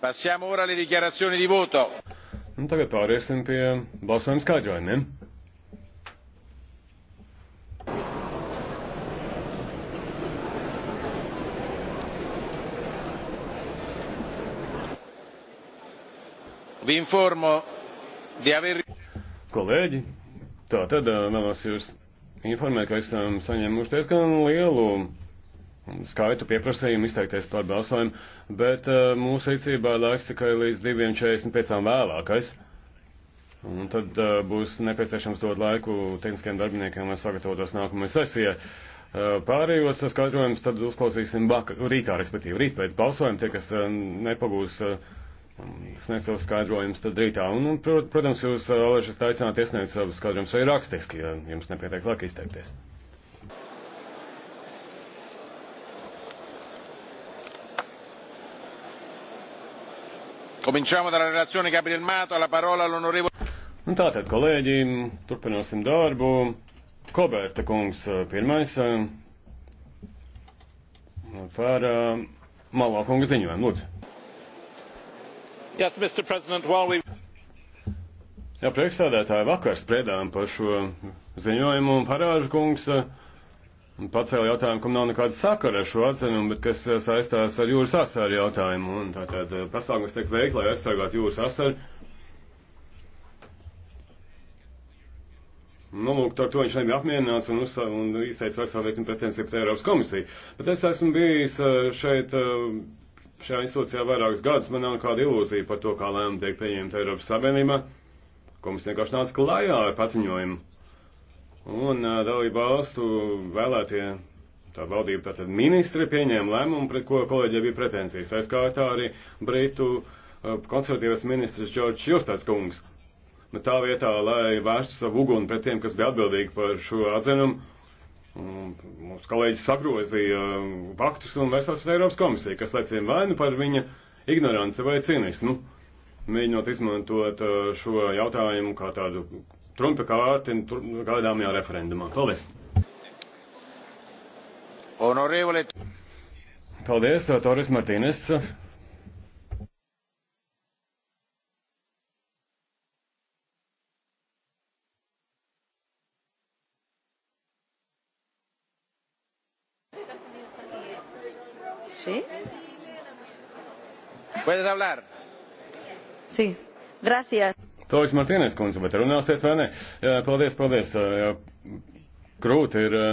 Passiamo ora alle dichiarazioni di voto. Un nu, tagad pāriesim pie balsojuma skaidrojumiem. Vi informo di aver... Kolēģi, tā tad eh, vēlos jūs informēt, ka esam saņēmuši diezgan lielu skaitu pieprasījumu izteikties par balsojumu, bet uh, mūsu rīcībā laiks tikai līdz 2.45 vēlākais. Un tad uh, būs nepieciešams dot laiku tehniskiem darbiniekiem, lai sagatavotos nākamajai sesijai. Uh, pārējos skaidrojumus tad uzklausīsim vakar, rītā, respektīvi rīt pēc balsojuma. Tie, kas uh, nepagūs uh, sniegt savus skaidrojumus, tad rītā. Un, un protams, jūs, uh, Olešas, aicināt iesniegt savus skaidrojumus arī rakstiski, ja jums nepietiek laika izteikties. Cominciamo dalla relazione Gabriel Mato, la parola all'onorevole. Un tātad, kolēģi, turpināsim darbu. Koberta kungs eh, pirmais eh, par eh, Malā kunga ziņojumu. Lūdzu. Yes, Mr. President, while we... Jā, priekšstādētāji, vakar spriedām par šo ziņojumu un parāžu kungs. Uh, un pacēla jautājumu, kam nav nekāda sakara ar šo atzinumu, bet kas eh, saistās ar jūras asaru jautājumu. Un tātad eh, pasākums tiek veikts, lai aizsargātu jūras asaru. Nu, lūk, ar to viņš nebija apmierināts un, uzsā, un izteica veselu virkni pretensiju pret Eiropas komisiju. Bet es esmu bijis eh, šeit, šajā institūcijā vairākus gadus, man nav nekāda ilūzija par to, kā lēmumi tiek pieņemti Eiropas Savienībā. Komisija vienkārši nāca klajā ar paziņojumu Un dalību valstu vēlētie tā valdība, tātad ministri pieņēma lēmumu, pret ko kolēģiem bija pretensijas. Tā skaitā arī Britu konservatīvas ministrs Džordžs Justas kungs. Bet nu, tā vietā, lai vērstu savu uguni pret tiem, kas bija atbildīgi par šo atzinumu, mūsu kolēģis sagrozīja faktus un vērsās pret Eiropas komisiju, kas liecina vainu par viņa ignoranci vai cinismu, mēģinot izmantot šo jautājumu kā tādu trumpa kārti gaidāmajā referendumā. Paldies! Honorevole. Paldies, Toris Martīnes. ¿Sí? ¿Puedes hablar? Sí. Gracias. Tovis Martīnes kundze, bet runāsiet vai ne? Jā, paldies, paldies. Jā, grūti ir eh,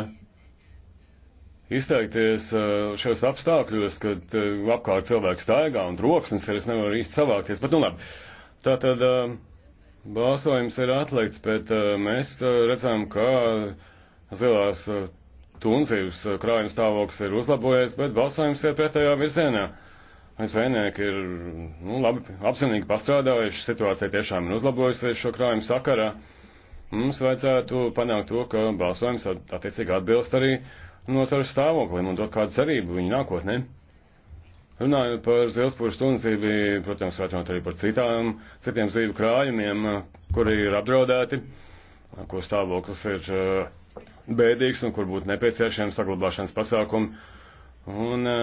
izteikties eh, šajos apstākļos, kad eh, apkārt cilvēks staigā un troksnis ir, es nevaru īsti savākties, bet nu labi. Tātad balsojums ir atlikts, bet mēs redzam, ka zilās tunzīvas krājuma stāvoklis ir uzlabojies, bet balsojums ir pretējā virzienā. Zvejnieki ir nu, labi, apzinīgi pastrādājuši, situācija tiešām ir uzlabojusies šo krājumu sakarā. Mums vajadzētu panākt to, ka balsojums attiecīgi atbilst arī nozaru stāvoklim un dot kādu cerību viņu nākotnē. Runājot par zilspūru stundsību, protams, varētu runāt arī par citām, citiem zīvu krājumiem, kuri ir apdraudēti, kur stāvoklis ir eh, bēdīgs un kur būtu nepieciešams saglabāšanas pasākumi. Un uh,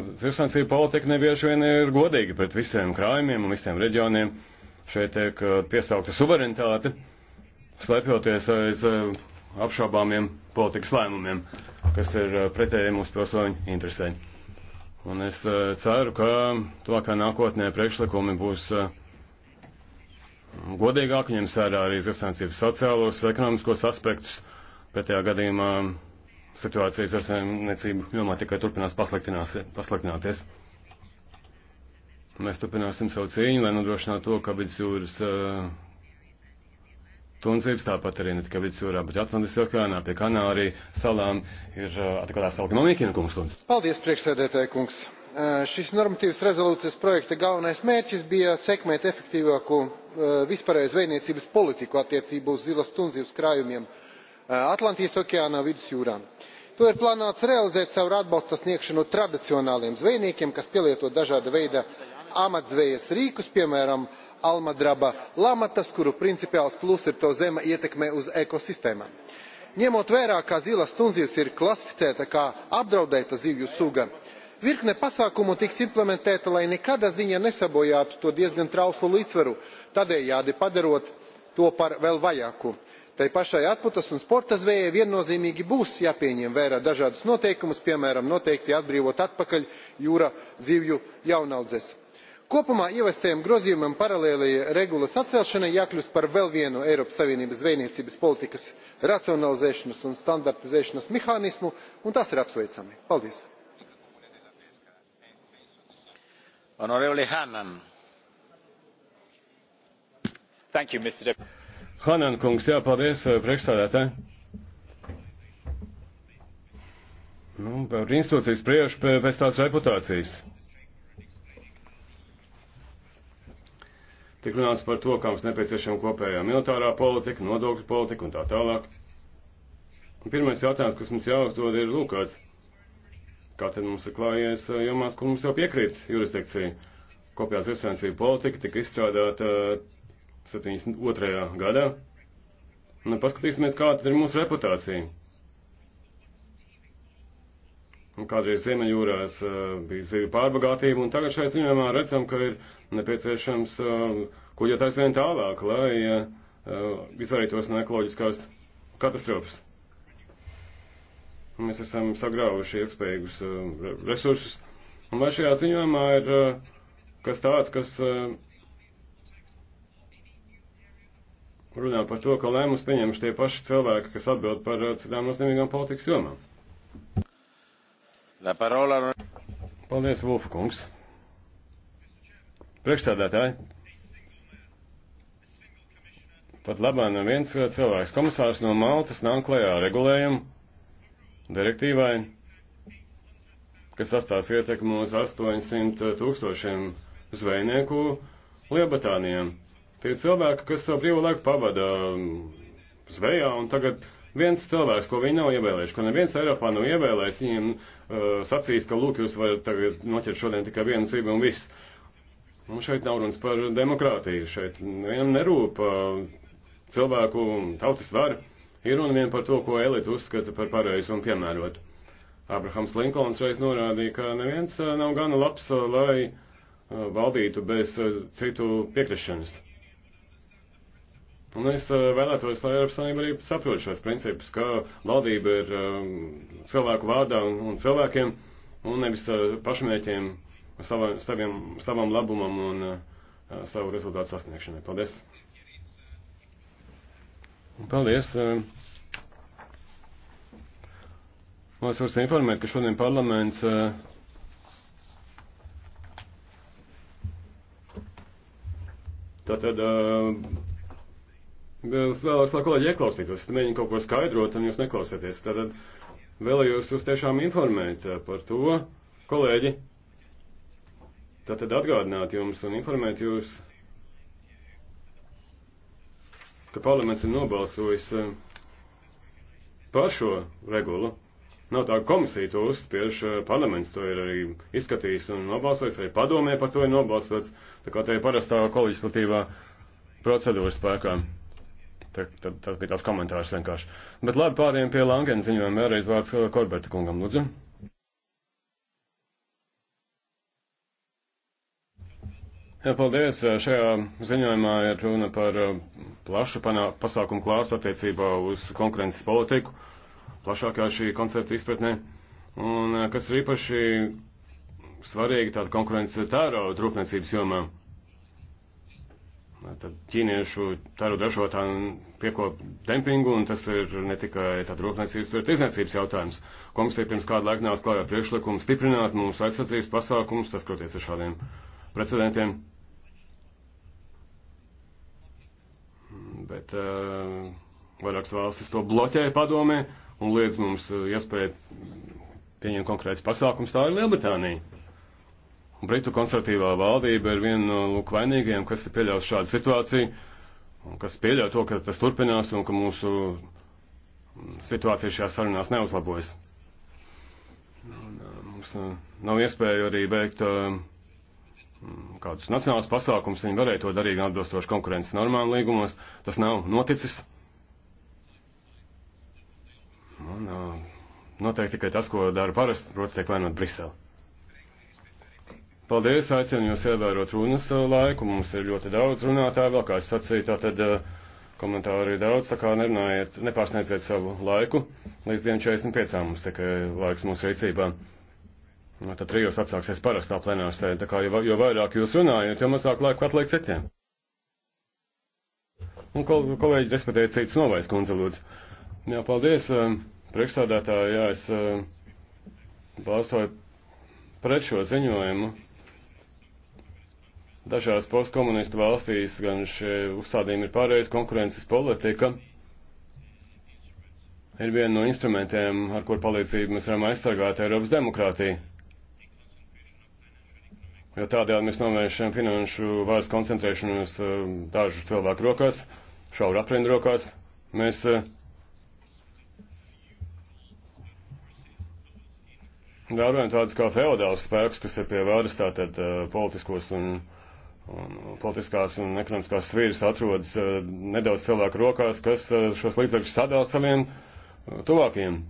eh, zivsansība politika nebieži vien ir godīga pret visiem krājumiem un visiem reģioniem. Šeit tiek uh, piesaukta suverenitāte, slēpjoties aiz uh, apšaubāmiem politikas lēmumiem, kas ir uh, pretēji mūsu pilsoņu interesēm. Un es uh, ceru, ka tuvākā nākotnē priekšlikumi būs uh, godīgāki, ņems vērā arī zivsansības sociālos, ekonomiskos aspektus. Pretējā gadījumā uh, situācijas ar saimniecību jomā tikai turpinās pasliktināties. Mēs turpināsim savu cīņu, lai nodrošinātu to, ka vidusjūras uh, tundzības, tāpat arī ne tikai vidusjūrā, bet Atlantijas okeānā, pie Kanārija salām ir uh, atkarās savu ekonomiku, ir kungs lūdzu. Paldies, priekšsēdētāji kungs. Uh, šis normatīvas rezolūcijas projekta galvenais mērķis bija sekmēt efektīvāku uh, vispārējais zvejniecības politiku attiecībā uz zilas tundzības krājumiem uh, Atlantijas okeānā vidusjūrā to ir plānots realizēt caur atbalsta sniegšanu tradicionāliem zvejniekiem kas pielieto dažāda veida amatzvejas rīkus piemēram almadraba lamatas kuru principiāls pluss ir to zema ietekme uz ekosistēmām. ņemot vērā ka zilās tunzīves ir klasificēta kā apdraudēta zivju suga virkne pasākumu tiks implementēta lai nekādā ziņā nesabojātu to diezgan trauslu līdzsvaru tādējādi padarot to par vēl vājāku tai pašai atpūtas un sporta zvejai viennozīmīgi būs jāpieņem vērā dažādas noteikumus piemēram noteikti jāatbrīvo atpakaļ jūra zivju jaunaudzes. kopumā ievestajam grozījumam paralēli regulas atcelšanai jākļūst par vēl vienu eiropas savienības zvejniecības politikas racionalizēšanas un standartizēšanas mehānismu un tas ir apsveicami. paldies! Thank you, Mr. Hanan kungs, jā, paldies eh, priekšstādātāji. Nu, par institūcijas priešu pēc tās reputācijas. Tik runāts par to, kā mums nepieciešama kopējā militārā politika, nodokļu politika un tā tālāk. Un pirmais jautājums, kas mums jāuzdod, ir lūkāts. Kā tad mums ir klājies eh, jomās, kur mums jau piekrīt jurisdikcija? Kopējā zivsainsība politika tika izstrādāta uh, 72. gadā. Nu, paskatīsimies, kāda ir mūsu reputācija. Un nu, kādreiz Ziemeļjūrās uh, bija zivju pārbagātība, un tagad šai ziņojumā redzam, ka ir nepieciešams uh, kuģot aizvien tālāk, lai uh, uh, izvairītos no ekoloģiskās katastrofas. Mēs esam sagrāvuši ilgspējīgus uh, resursus, un vai šajā ziņojumā ir uh, kas tāds, kas. Uh, runā par to, ka lēmums pieņemš tie paši cilvēki, kas atbild par eh, citām nozīmīgām politikas jomām. Parola... Paldies, Vulfa kungs. Priekšstādētāji. Pat labā neviens eh, cilvēks komisārs no Maltas nāk klajā regulējumu direktīvai, kas atstās ietekmu uz 800 tūkstošiem zvejnieku Lielbritānijam. Tie cilvēki, kas savu brīvo laiku pavada um, zvejā, un tagad viens cilvēks, ko viņi nav ievēlējuši, ko neviens Eiropā nav ievēlējis, viņiem uh, sacīs, ka lūk, jūs varat tagad noķert šodien tikai vienu zīmi un viss. Un šeit nav runas par demokrātiju, šeit nevienam nerūp uh, cilvēku tautas vara, ir runa vien par to, ko elita uzskata par pareizu un piemērotu. Abrahams Linkolns reiz norādīja, ka neviens uh, nav gana labs, uh, lai uh, valdītu bez citu piekrišanas. Un es eh, vēlētos, lai Eiropas Savienība arī saprot šos principus, ka valdība ir um, cilvēku vārdā un, un cilvēkiem, un nevis uh, pašmērķiem, sava, saviem, savam labumam un uh, savu rezultātu sasniegšanai. Paldies! Un paldies! Uh, Mēs varam informēt, ka šodien parlaments uh, tātad uh, Es vēlos, lai kolēģi ieklausītos, es mēģinu kaut ko skaidrot, un jūs neklausieties. Tātad vēlējos jūs tiešām informēt eh, par to, kolēģi. Tātad atgādināt jums un informēt jūs, ka parlaments ir nobalsojis eh, par šo regulu. Nav tā, komisija to uzspiež, eh, parlaments to ir arī izskatījis un nobalsojis, arī padomē par to ir nobalsots, tā kā te ir parastā kolēģislatīvā procedūra spēkā. Tad, tad, tad bija tās komentārs vienkārši. Bet labi, pāriem pie Langena ziņojuma vēlreiz vārds uh, Korberta kungam, lūdzu. Jā, paldies. Šajā ziņojumā ir runa par uh, plašu panā, pasākumu klāstu attiecībā uz konkurences politiku, plašākā šī koncepta izpratnē. Un uh, kas ir īpaši svarīgi tāda konkurences tērauda rūpniecības jomā. Tad ķīniešu taru ražotāju piekop dempingu, un tas ir ne tikai tāda rūpniecības, bet izniecības jautājums. Komisija pirms kādu laiku nāca klājā priekšlikumu stiprināt mūsu aizsardzības pasākumus, tas kroties ar šādiem precedentiem. Bet uh, vairākas valstis to bloķēja padomē un liedz mums eh, iespēju pieņemt konkrēts pasākums, tā ir Lielbritānija. Britu konservatīvā valdība ir viena no lūk vainīgajiem, kas ir pieļāvis šādu situāciju, un kas pieļauj to, ka tas turpinās un ka mūsu situācija šajā sarunās neuzlabojas. Uh, mums uh, nav iespēja arī veikt uh, mm, kādus nacionālus pasākums, viņi varēja to darīt atbilstoši konkurences normām līgumos. Tas nav noticis. Un, noteikti tikai tas, ko dara parasti, proti tiek vainot Brisele. Paldies, aicinu jūs ievērot runas eh, laiku. Mums ir ļoti daudz runātāju, vēl kā es sacīju, tātad eh, komentāri ir daudz, tā kā nerunājiet, nepārsniedziet savu laiku. Līdz dienu 45 mums tikai laiks mūsu rīcībā. No, nu, tad trijos atsāksies parastā plenāra sēde, tā kā jo, jo vairāk jūs runājat, jo mazāk laiku atliek citiem. Un nu, kol, kolēģi, respektējiet citus novais, kundze, lūdzu. Jā, paldies, eh, priekšstādātāji, jā, es balstoju pret šo ziņojumu. Dažās postkomunistu valstīs gan šie uzstādījumi ir pārējais konkurences politika. Ir viena no instrumentiem, ar kur palīdzību mēs varam aizsargāt Eiropas demokrātiju. Jo tādējādi mēs novēršam finanšu vairs koncentrēšanu uz eh, dažu cilvēku rokās, šauru aprindu rokās. Mēs eh, vērojam tādus kā feodāls spēkus, kas ir pie varas tātad eh, politiskos un. Uh, politiskās un ekonomiskās svīras atrodas eh, nedaudz cilvēku rokās, kas eh, šos līdzekļus sadāv saviem eh, tuvākajiem.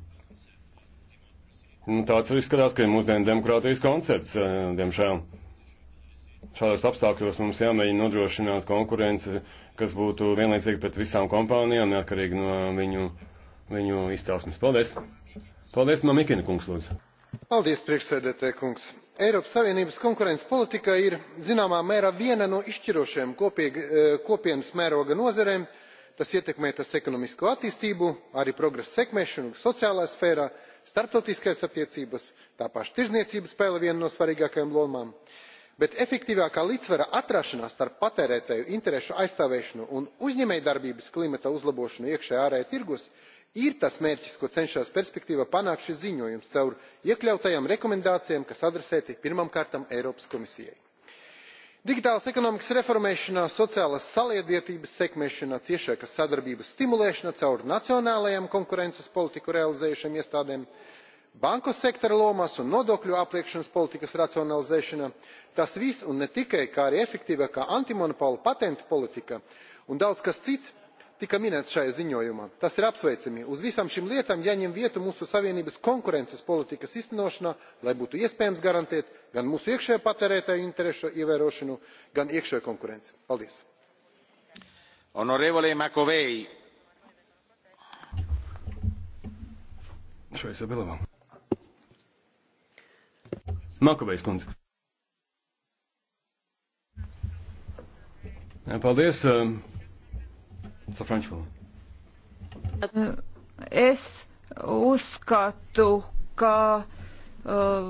Un nu, tāds arī skatās, ka ir mūsdienu demokrātijas koncepts, diemžēl. Šādos apstākļos mums jāmēģina nodrošināt konkurenci, kas būtu vienlaicīga pret visām kompānijām, neatkarīgi no viņu, viņu izcelsmes. Paldies! Paldies, Mamikina kungs, lūdzu! Paldies, priekšsēdētē kungs! eiropas savienības konkurences politika ir zināmā mērā viena no izšķirošajām eh, kopienas mēroga nozarēm tas ietekmē tās ekonomisko attīstību arī progresa sekmēšanu sociālajā sfērā starptautiskās attiecības tā paša tirdzniecība spēlē vienu no svarīgākajām lomām bet efektīvākā līdzsvara atrašana starp patērētāju interešu aizstāvēšanu un uzņēmējdarbības klimata uzlabošanu iekšējā un ārējā tirgos ir tas mērķis ko cenšas perspektīvā panākt šis ziņojums caur iekļautajām rekomendācijām kas adresēti pirmkārt eiropas komisijai. digitālās ekonomikas reformēšanā sociālās saliedētības sekmēšanā ciešākas sadarbības stimulēšanā caur nacionālajām konkurences politiku realizējošām iestādēm banku sektora lomas un nodokļu apliekšanas politikas racionalizēšanā tas viss un ne tikai kā arī efektīvāka antimonopola patentu politika un daudz kas cits tika minēts šajā ziņojumā. tas ir apsveicami. uz visām šīm lietām jāņem vieta mūsu savienības konkurences politikas īstenošanā lai būtu iespējams garantēt gan mūsu iekšējo patērētāju interešu ievērošanu gan iekšējo konkurenci. paldies! Makovejs kundze. Paldies. Um, It's a French woman. Es uzskatu, ka Uh,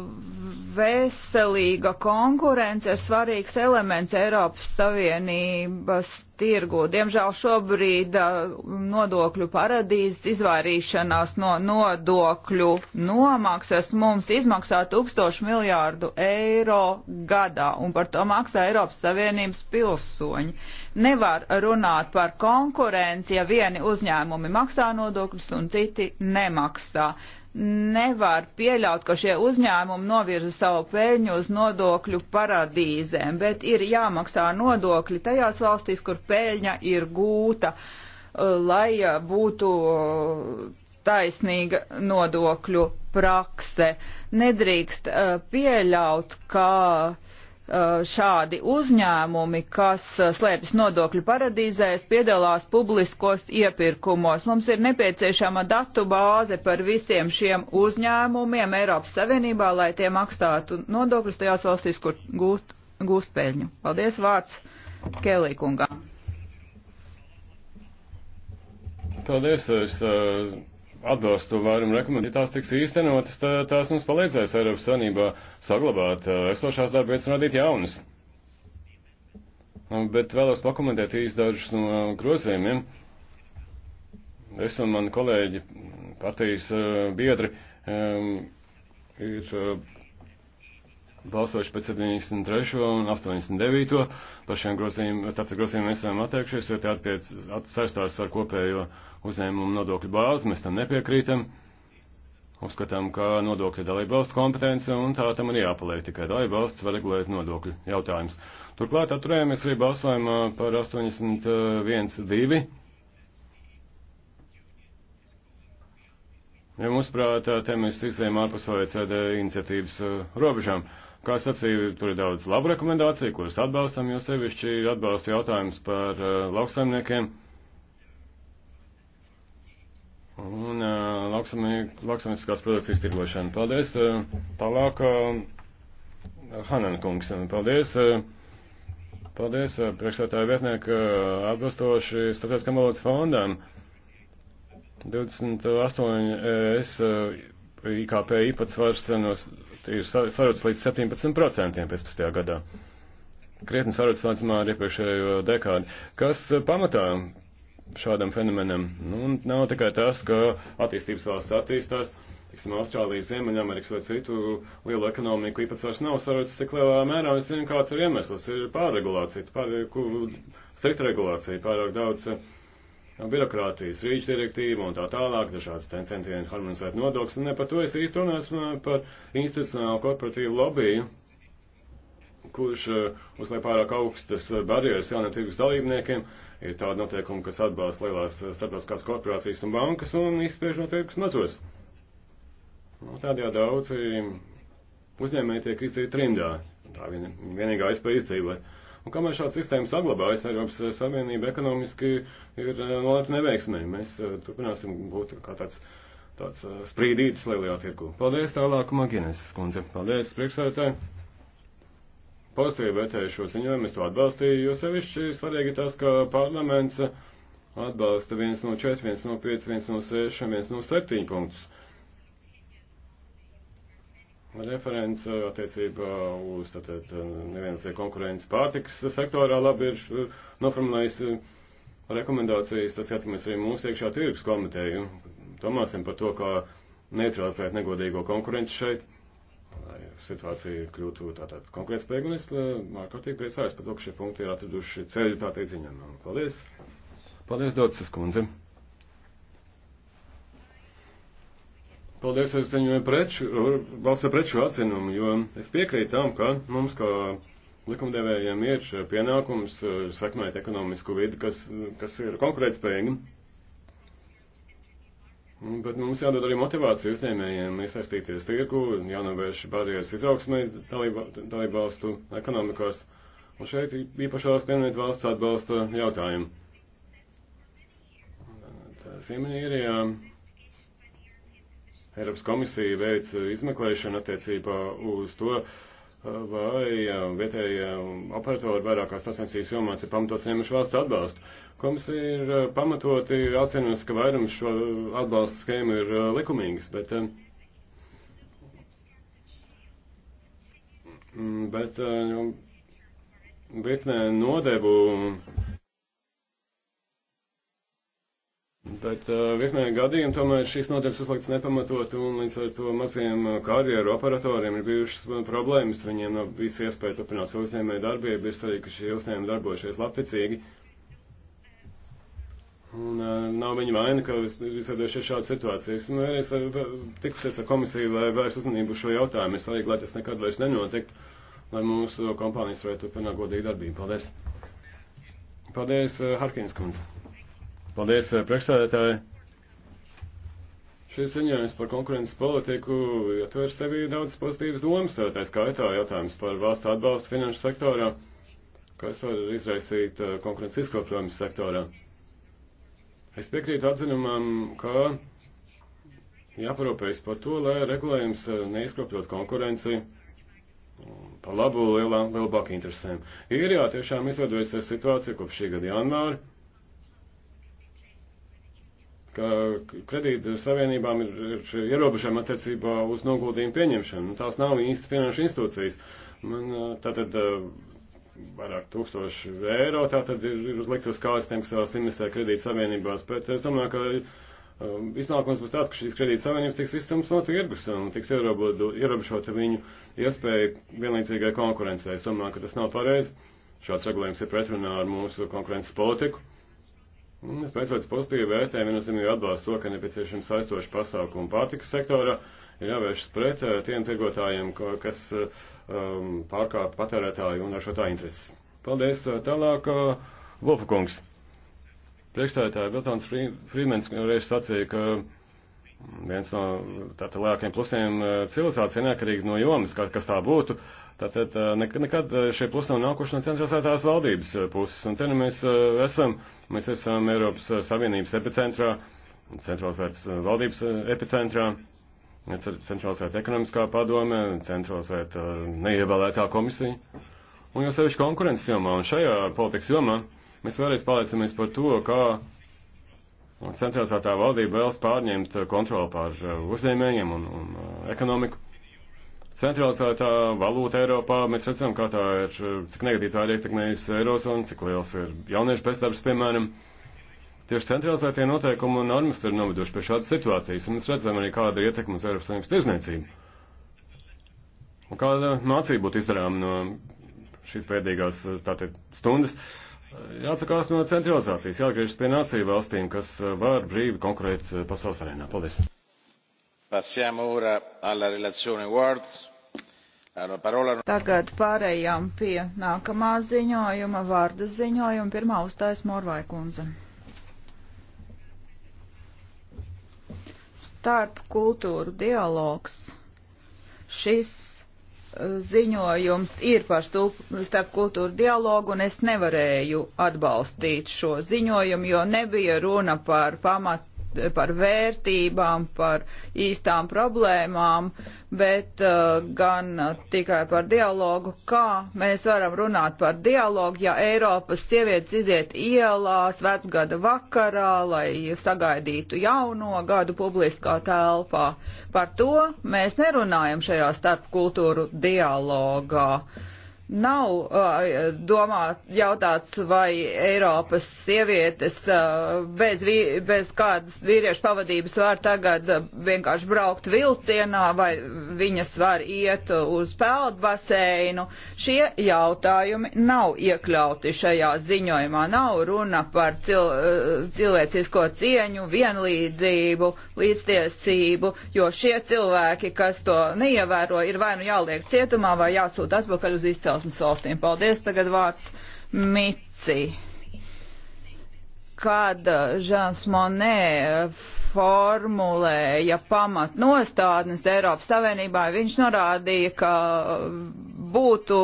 veselīga konkurence ir svarīgs elements Eiropas Savienības tirgu. Diemžēl šobrīd uh, nodokļu paradīzes izvairīšanās no nodokļu nomaksas mums izmaksā tūkstošu miljārdu eiro gadā, un par to maksā Eiropas Savienības pilsoņi. Nevar runāt par konkurenci, ja vieni uzņēmumi maksā nodokļus un citi nemaksā nevar pieļaut, ka šie uzņēmumi novirza savu peļņu uz nodokļu paradīzēm, bet ir jāmaksā nodokļi tajās valstīs, kur peļņa ir gūta, eh, lai eh, būtu eh, taisnīga nodokļu prakse. Nedrīkst pieļaut, ka uh, Uh, šādi uzņēmumi, kas uh, slēpjas nodokļu paradīzēs, piedalās publiskos iepirkumos. Mums ir nepieciešama datu bāze par visiem šiem uzņēmumiem Eiropas Savienībā, lai tie maksātu nodokļus tajās valstīs, kur gūst, gūst peļņu. Paldies vārds Kelī kungam. Paldies, es uh, atbalstu vairumu rekomendāciju, tās tiks īstenotas, tā, tās mums palīdzēs Eiropas Savienībā saglabāt esošās darbības un radīt jaunas. Bet vēlos pakomentēt īsti dažus no grozījumiem. Es un mani kolēģi, partijas biedri, ir balsojuši pēc 73. un 89 par šiem grozījumiem, tātad grozījumiem mēs varam attiekšies, jo tie attiec, saistās ar kopējo uzņēmumu nodokļu bāzi, mēs tam nepiekrītam. Uzskatām, ka nodokļi ir dalībvalstu kompetence, un tā tam arī jāpaliek. Tikai dalībvalsts var regulēt nodokļu jautājumus. Turklāt atturējāmies arī balsojumā par 81.2. Ja mums prātā, te mēs izlējām ārpus OECD iniciatīvas uh, robežām. Uh, Kā sacīju, tur ir daudz labu rekomendāciju, kuras atbalstam, jo sevišķi atbalstu jautājums par uh, lauksaimniekiem. Un uh, lauksaimnieciskās produkcijas tirgošana. Paldies. Uh, tālāk, uh, Hanan kungs. Paldies. Uh, paldies, uh, priekšsētāja vietnieka uh, atbilstoši Starptautiskam valodas fondam. 28 es. Uh, IKP īpatsvars eh, no, ir sarucis līdz 17% 15. gadā. Krietni sarucis vācumā ar iepriekšējo dekādi. Kas eh, pamatā šādam fenomenam? Nu, nav tikai tas, ka attīstības valsts attīstās, tiksim, Austrālijas, Ziemeļamerikas vai citu lielu ekonomiku īpatsvars nav sarucis tik lielā mērā. Es zinu, kāds ir iemesls. Ir pārregulācija, pār, strikta regulācija, pārāk daudz. Uh, birokrātijas rīču direktīva un tā tālāk, dažādas centieni harmonizēt nodokļus, un ne par to es īsti runāju, par institucionālu korporatīvu lobiju, kurš eh, uzliek pārāk augstas eh, barjeras jauniem tirgus dalībniekiem, ir tāda noteikuma, kas atbalsta lielās eh, starptautiskās korporācijas un bankas un izspiež no tirgus mazos. Nu, tādējā daudzi uzņēmēji tiek izdarīti trimdā. Tā vien, vienīgā iespēja izdzīvot. Un kamēr šāda sistēma saglabājas, Eiropas Savienība ekonomiski ir eh, nolēta neveiksmē. Mēs eh, turpināsim būt kā tāds, tāds eh, sprīdītis lielajā tirgu. Paldies tālāk, Magienes skundze. Paldies, priekšsētāji. Pozitīvi vērtēju šo ziņojumu, es to atbalstīju, jo sevišķi svarīgi tas, ka parlaments atbalsta viens no 4, viens no 5, viens no 6, viens no 7 punktus referents eh, attiecībā uz tātad eh, nevienas konkurences pārtikas sektorā labi ir eh, noformulējis rekomendācijas, tas jātikamies arī mūsu iekšā tirgus komiteju. Domāsim par to, kā neutralizēt negodīgo konkurenci šeit, lai situācija kļūtu tātad konkurētspējīga, un es ārkārtīgi priecājos par to, ka šie punkti ir atraduši ceļu tātad ziņām. Paldies! Paldies, Dotsas kundze! Paldies, es ziņoju preču, balstu preču atzinumu, jo es piekrītu tam, ka mums, kā likumdevējiem, ir pienākums eh, sekmēt ekonomisku vidi, kas, kas ir konkurētspējīga. Bet mums jādod arī motivācija uzņēmējiem iesaistīties tirgu, jānovērš barjeras izaugsmai dalībvalstu ekonomikās. Un šeit īpaši vēlas pieminēt valsts atbalsta jautājumu. Ziemeņīrijā. Ja Eiropas komisija veic izmeklēšanu attiecībā uz to, vai um, vietējie um, operatori vairākās tasnesīs jomās ir pamatot saņemuši valsts atbalstu. Komisija ir uh, pamatoti atcīmnus, ka vairums šo atbalstu schēmu ir uh, likumīgas, bet, um, mm, bet uh, nu, virknē nodevu Bet uh, virknē gadījumā tomēr šīs nodeļas uzlikts nepamatot, un līdz ar to maziem uh, karjeru operatoriem ir bijušas uh, problēmas, viņiem nav bijusi iespēja turpināt savu uzņēmēju darbību, ir svarīgi, ka šie uzņēmumi darbojušies labticīgi. Un uh, nav viņa vaina, ka izveidojušies šādas situācijas. Nu, es uh, tikusies ar komisiju, lai vairs uzmanību šo jautājumu, ir svarīgi, lai tas nekad vairs nenotiktu, lai mūsu kompānijas varētu turpināt godīgu darbību. Paldies! Paldies, uh, Harkins kundze! Paldies, eh, priekšsēdētāji. Šis ziņojums par konkurences politiku ietver sevi daudz pozitīvas domas, tā skaitā jautājums par valsts atbalstu finanšu sektorā, kas var izraisīt eh, konkurences izkropļojumus sektorā. Es piekrītu atzinumam, ka jāparūpējas par to, lai regulējums eh, neizkropļot konkurenci mm, par labu lielām, lielāku interesēm. Ir jā, tiešām izveidojusies situācija kopš šī gada janvāra ka kredīta savienībām ir, ir ierobežojumi attiecībā uz noguldījumu pieņemšanu. Nu, tās nav īsti finanšu institūcijas. Man tātad vairāk tūkstoši eiro tātad ir, ir uzlikt uz kājas tiem, kas investē kredīta savienībās, bet es domāju, ka iznākums būs tāds, ka šīs kredīta savienības tiks vistams no tirgus un tiks ierobežota viņu iespēja vienlīdzīgai konkurencei. Es domāju, ka tas nav pareizi. Šāds regulējums ir pretrunā ar mūsu konkurences politiku Un nu, es pēc pēc pozitīvi vērtēju, viennozīmīgi atbalstu to, ka nepieciešams aizstoši pasākumu pārtikas sektora ir jāvēršas pret eh, tiem tirgotājiem, kas eh, um, pārkāp patērētāju un ražotāju intereses. Paldies. Eh, tālāk, uh, Volfa kungs. Priekšstādātāja Biltons Frīmens reiz sacīja, ka viens no tātad lielākajiem plusiem civilizācija neatkarīgi no jomas, kā, kas tā būtu, Tātad nekad šie plusi nav nākuši no centralizētās valdības puses. Un te nu mēs esam, mēs esam Eiropas Savienības epicentrā, centralizētas valdības epicentrā, centralizēta ekonomiskā padome, centralizēta neievēlētā komisija. Un jau sevišķi konkurences jomā un šajā politikas jomā mēs vēlreiz paliecamies par to, kā centralizētā valdība vēlas pārņemt kontroli pār uzņēmējiem un, un ekonomiku centralizētā valūta Eiropā, mēs redzam, kā tā ir, cik negatīvi tā ir ietekmējusi Eirozonu, cik liels ir jauniešu bezdarbs, piemēram. Tieši centralizētie noteikumi un normas ir noveduši pie šādas situācijas, un mēs redzam arī, kāda ir ietekme uz Eiropas Savienības tirzniecību. Un kāda mācība būtu izdarām no šīs pēdējās tātad stundas? Jāatsakās no centralizācijas, jāatgriežas pie nāciju valstīm, kas var brīvi konkurēt pasaules arēnā. Paldies! Passiamo ora alla relazione Ward Tagad pārējām pie nākamā ziņojuma, vārda ziņojuma. Pirmā uzstājas Morvai kundze. Starp kultūru dialogs. Šis eh, ziņojums ir par starp kultūru dialogu, un es nevarēju atbalstīt šo ziņojumu, jo nebija runa par pamat par vērtībām, par īstām problēmām, bet uh, gan tikai par dialogu. Kā mēs varam runāt par dialogu, ja Eiropas sievietes iziet ielās vecgada vakarā, lai sagaidītu jauno gadu publiskā telpā? Par to mēs nerunājam šajā starpkultūru dialogā. Uh, nav uh, domāt, jautāts, vai Eiropas sievietes uh, bez, vī, bez kādas vīriešu pavadības var tagad uh, vienkārši braukt vilcienā, vai viņas var iet uz peldbaseinu. Šie jautājumi nav iekļauti šajā ziņojumā. Nav runa par cil, uh, cilvēcisko cieņu, vienlīdzību, līdztiesību, jo šie cilvēki, kas to neievēro, ir vai nu jāliek cietumā, vai jāsūt atpakaļ uz izcelsmi izcelsmes valstīm. Paldies, tagad vārds Mici. Kad uh, Žans Monē uh, formulēja pamatnostādnes Eiropas Savienībā, viņš norādīja, ka uh, būtu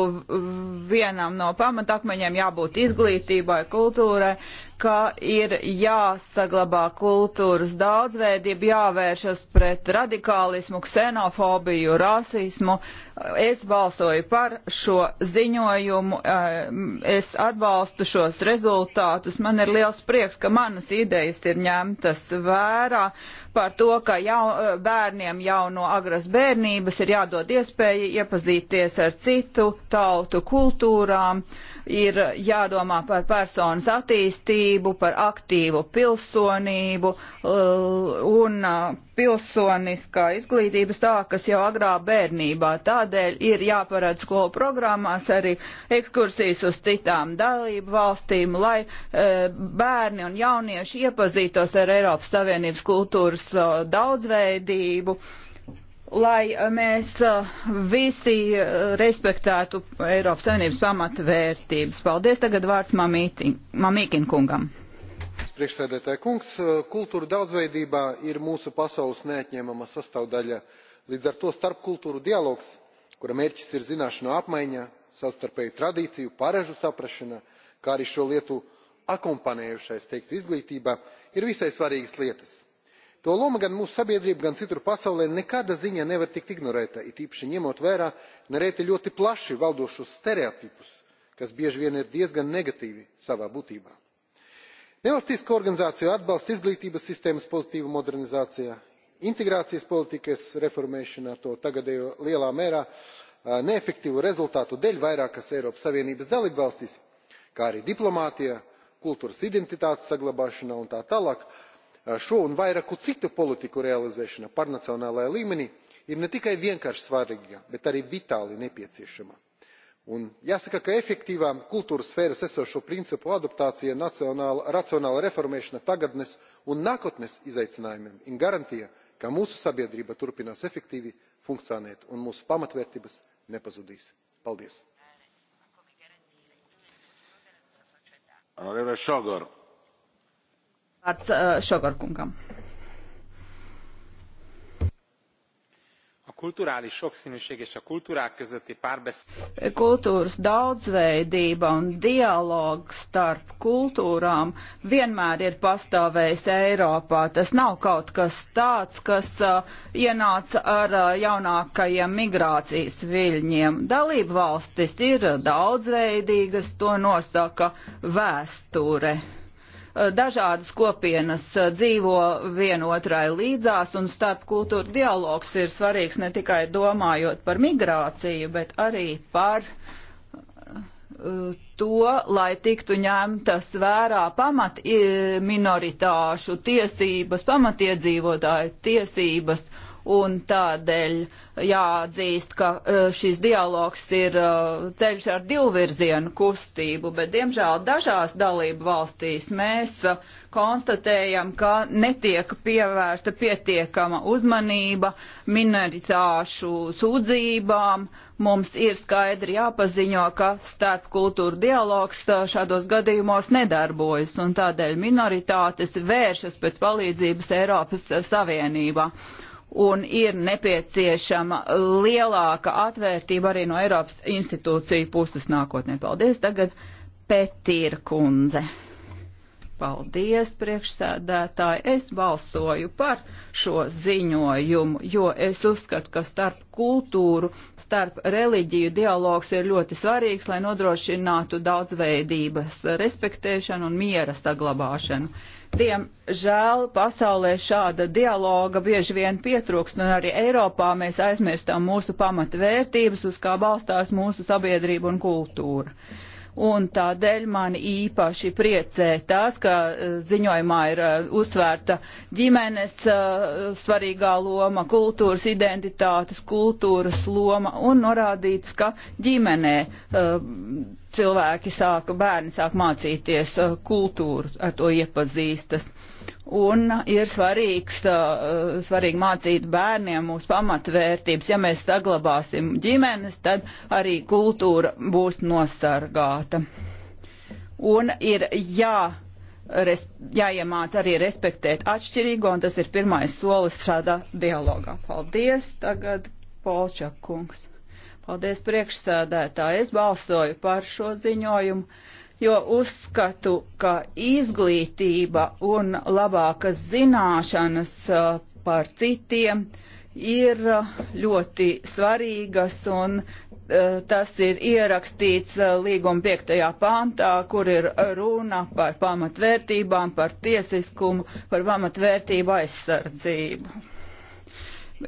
vienam no pamatakmeņiem jābūt izglītībai, kultūrai, ka ir jāsaglabā kultūras daudzveidība, jāvēršas pret radikālismu, ksenofobiju, rasismu. Es balsoju par šo ziņojumu, eh, es atbalstu šos rezultātus. Man ir liels prieks, ka manas idejas ir ņemtas vērā par to, ka jau, eh, bērniem jau no agras bērnības ir jādod iespēja iepazīties ar citu tautu kultūrām. Uh, ir jādomā par personas attīstību, par aktīvu pilsonību un pilsoniskā izglītība sākas jau agrā bērnībā. Tādēļ ir jāparāda skolu programmās arī ekskursijas uz citām dalību valstīm, lai e, bērni un jaunieši iepazītos ar Eiropas Savienības kultūras daudzveidību. Uh, lai eh, mēs eh, visi eh, respektētu Eiropas Savienības pamatvērtības. Paldies, tagad vārds Mamīkin kungam. Priekšsēdētāja kungs, kultūra daudzveidībā ir mūsu pasaules neatņemama sastāvdaļa. Līdz ar to starpkultūru dialogs, kura mērķis ir zināšanu apmaiņa, savstarpēju tradīciju, paražu saprašana, kā arī šo lietu akompanējušais, teiktu, izglītība, ir visai svarīgas lietas to loma gan mūsu sabiedrībā gan citur pasaulē nekādā ziņā nevar tikt ignorēta it īpaši ņemot vērā nereti ļoti plaši valdošos stereotipus kas bieži vien ir diezgan negatīvi savā būtībā. nevalstisko organizāciju atbalsts izglītības sistēmas pozitīvā modernizācijā integrācijas politikas reformēšana to tagadējo lielā mērā neefektīvu rezultātu dēļ vairākās eiropas savienības dalībvalstīs kā arī diplomātija kultūras identitātes saglabāšana un tā tālāk Eh, šo un vairāku citu politiku realizēšana pārnacionālajā līmenī ir ne tikai vienkārši svarīga bet arī vitāli nepieciešama. Un jāsaka, ka efektīvā kultūras sfēras esošo principu adaptācija nacionāla, racionāla reformēšana tagadnes un nākotnes izaicinājumiem ir garantija, ka mūsu sabiedrība turpinās efektīvi funkcionēt un mūsu pamatvērtības nepazudīs. Paldies! Vārds Šogarkungam. Eh, kulturális soksznűség és a kultúrák közötti párbeszéd. Kultūras daudzveidība un dialogs starp kultūrām vienmēr ir pastāvējis Eiropā. Tas nav kaut kas tāds, kas uh, ienāca ar uh, jaunākajiem migrācijas viļņiem. Dalību valstis ir daudzveidīgas, to nosaka vēsture dažādas kopienas dzīvo vienotrai līdzās un starp kultūra dialogs ir svarīgs ne tikai domājot par migrāciju, bet arī par to, lai tiktu ņemtas vērā pamat minoritāšu tiesības, pamatiedzīvotāju tiesības un tādēļ jāatzīst, ka eh, šis dialogs ir eh, ceļš ar divvirzienu kustību, bet diemžēl dažās dalību valstīs mēs eh, konstatējam, ka netiek pievērsta pietiekama uzmanība minoritāšu sūdzībām. Mums ir skaidri jāpaziņo, ka starp kultūra dialogs šādos gadījumos nedarbojas, un tādēļ minoritātes vēršas pēc palīdzības Eiropas Savienībā un ir nepieciešama lielāka atvērtība arī no Eiropas institūciju puses nākotnē. Paldies tagad Petīra kundze. Paldies, priekšsēdētāji. Es balsoju par šo ziņojumu, jo es uzskatu, ka starp kultūru, starp reliģiju dialogs ir ļoti svarīgs, lai nodrošinātu daudzveidības respektēšanu un miera saglabāšanu. Diemžēl pasaulē šāda dialoga bieži vien pietrūkst, un arī Eiropā mēs aizmirstam mūsu pamatvērtības, uz kā balstās mūsu sabiedrība un kultūra. Un tādēļ mani īpaši priecē tas, ka eh, ziņojumā ir eh, uzsvērta ģimenes eh, svarīgā loma, kultūras identitātes, kultūras loma un norādīts, ka ģimenē cilvēki sāka, bērni sāk mācīties uh, kultūru, ar to iepazīstas. Un uh, ir svarīgs, uh, svarīgi mācīt bērniem mūsu pamatvērtības. Ja mēs saglabāsim ģimenes, tad arī kultūra būs nosargāta. Un ir jā, res, jāiemāc arī respektēt atšķirīgo, un tas ir pirmais solis šādā dialogā. Paldies, tagad Polčakungs. Paldies priekšsēdētāji. Es balsoju par šo ziņojumu, jo uzskatu, ka izglītība un labākas zināšanas uh, par citiem ir uh, ļoti svarīgas un uh, tas ir ierakstīts līguma piektajā pāntā, kur ir runa par pamatvērtībām, par tiesiskumu, par pamatvērtību aizsardzību.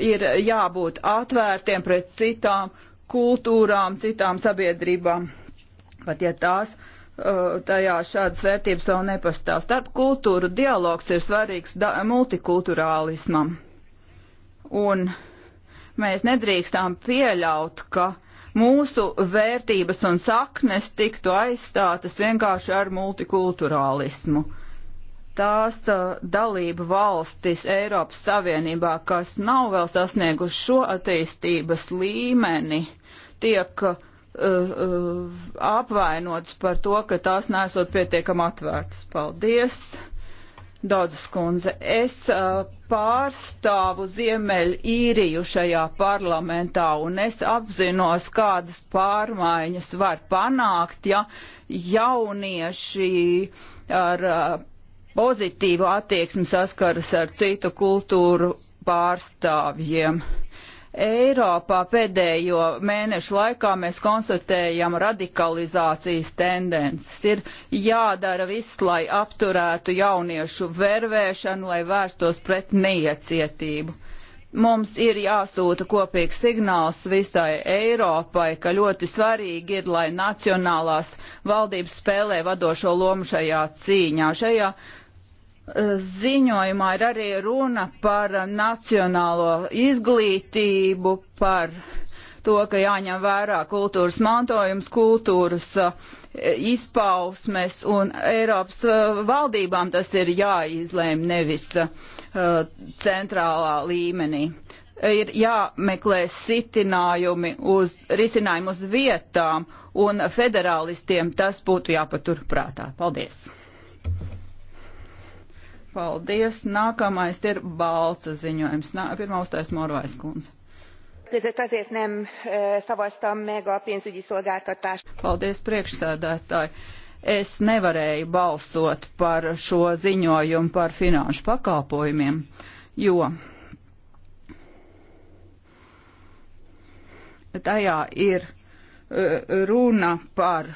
Ir jābūt atvērtiem pret citām kultūrām, citām sabiedrībām, pat ja tās uh, tajā šādas vērtības vēl nepastāv. Starp kultūru dialogs ir svarīgs multikulturālismam. Un mēs nedrīkstām pieļaut, ka mūsu vērtības un saknes tiktu aizstātas vienkārši ar multikulturālismu tās uh, dalību valstis Eiropas Savienībā, kas nav vēl sasnieguši šo attīstības līmeni, tiek uh, uh, apvainots par to, ka tās nesot pietiekam atvērtas. Paldies! Daudzas kundze, es uh, pārstāvu Ziemeļ īriju šajā parlamentā un es apzinos, kādas pārmaiņas var panākt, ja jaunieši ar uh, pozitīvu attieksmi saskaras ar citu kultūru pārstāvjiem. Uh, Eiropā pēdējo mēnešu laikā mēs konstatējam radikalizācijas tendences. Ir jādara viss, lai apturētu jauniešu vervēšanu, lai vērstos pret neiecietību. Mums ir jāsūta kopīgs signāls visai Eiropai, ka ļoti svarīgi ir, lai nacionālās valdības spēlē vadošo lomu šajā cīņā. Šajā uh, ziņojumā ir arī runa par nacionālo izglītību, par to, ka jāņem vērā kultūras mantojums, kultūras e, izpausmes un Eiropas e, valdībām tas ir jāizlēm nevis e, centrālā līmenī. Ir jāmeklē sitinājumi uz risinājumu uz vietām un federālistiem tas būtu jāpatur prātā. Paldies! Paldies. Nākamais ir balca ziņojums. Nā, pirmā uztais Morvais kundze. Között azért nem szavaztam meg a pénzügyi szolgáltatást. Paldies, priekšsēdētāji. Es nevarēju balsot par šo ziņojumu par finanšu pakalpojumiem, jo tajā ir runa par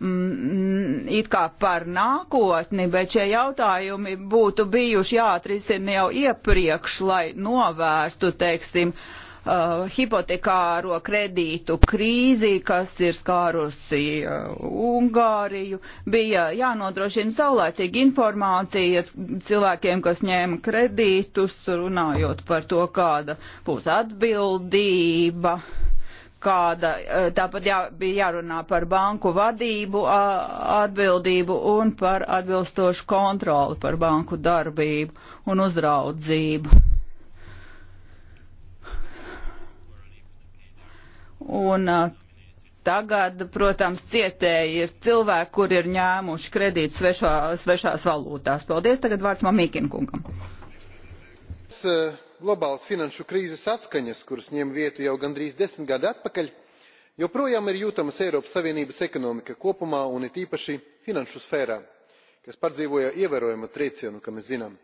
Mm, it kā par nākotni, bet šie jautājumi būtu bijuši jāatrisina jau iepriekš, lai novērstu, teiksim, uh, hipotekāro kredītu krīzi, kas ir skārusi uh, Ungāriju. Bija jānodrošina saulēcīga informācija cilvēkiem, kas ņēma kredītus, runājot par to, kāda būs atbildība. Uh, kāda, eh, tāpat jā, bija jārunā par banku vadību atbildību un par atbilstošu kontroli par banku darbību un uzraudzību. Un tagad, protams, cietēji ir cilvēki, kur ir ņēmuši kredītu svešā, svešās valūtās. Paldies, tagad vārds Mamīkinkungam. Uh globālas finanšu krīzes atskaņas kuras ņem vietu jau gandrīz desmit gadi atpakaļ joprojām ir jūtamas eiropas savienības ekonomikā kopumā un it īpaši finanšu sfērā kas pārdzīvoja ievērojamu triecienu kā mēs zinām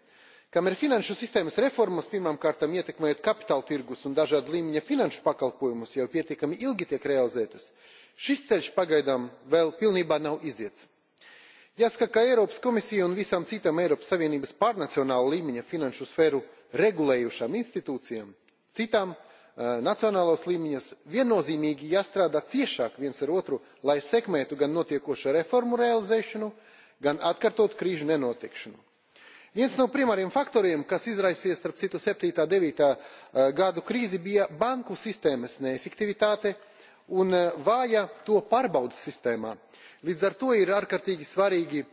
kamēr finanšu sistēmas reformas pirmkārt ietekmējot kapitāla tirgus un dažāda līmeņa finanšu pakalpojumus jau pietiekami ilgi tiek realizētas šis ceļš pagaidām vēl pilnībā nav iziets. jāsaka ka eiropas komisija un visām citām eiropas savienības pārnacionāla līmeņa finanšu sfēru regulējušām institūcijām citām eh, nacionālos līmeņos viennozīmīgi jāstrādā ciešāk viens ar otru lai sekmētu gan notiekošo reformu realizēšanu gan atkārtotu krīžu nenotikšanu. viens no primāriem faktoriem kas izraisīja starp citu septītā devītā eh, gadu krīzi bija banku sistēmas neefektivitāte un eh, vāja to pārbaudes sistēmā. līdz ar to ir ārkārtīgi svarīgi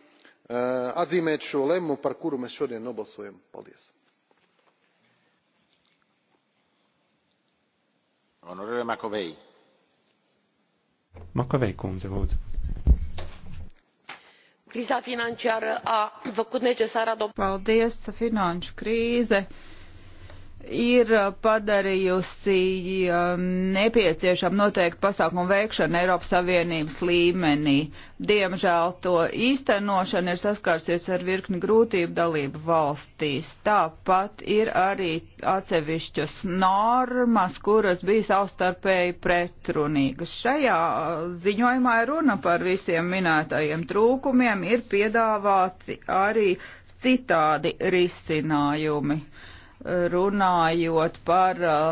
atzīmēt šo lēmumu par kuru mēs šodien nobalsojam. paldies! Honorēra Makovei. Makovei kundze, lūdzu. Criza financiară a făcut necesar adoptarea. Paldies, finanšu krīze ir uh, padarījusi uh, nepieciešam noteikti pasākumu veikšanu Eiropas Savienības līmenī. Diemžēl to īstenošana ir saskārsies ar virkni grūtību dalību valstīs. Tāpat ir arī atsevišķas normas, kuras bija savstarpēji pretrunīgas. Šajā uh, ziņojumā ir runa par visiem minētajiem trūkumiem, ir piedāvāti arī citādi risinājumi. Uh, runājot par uh,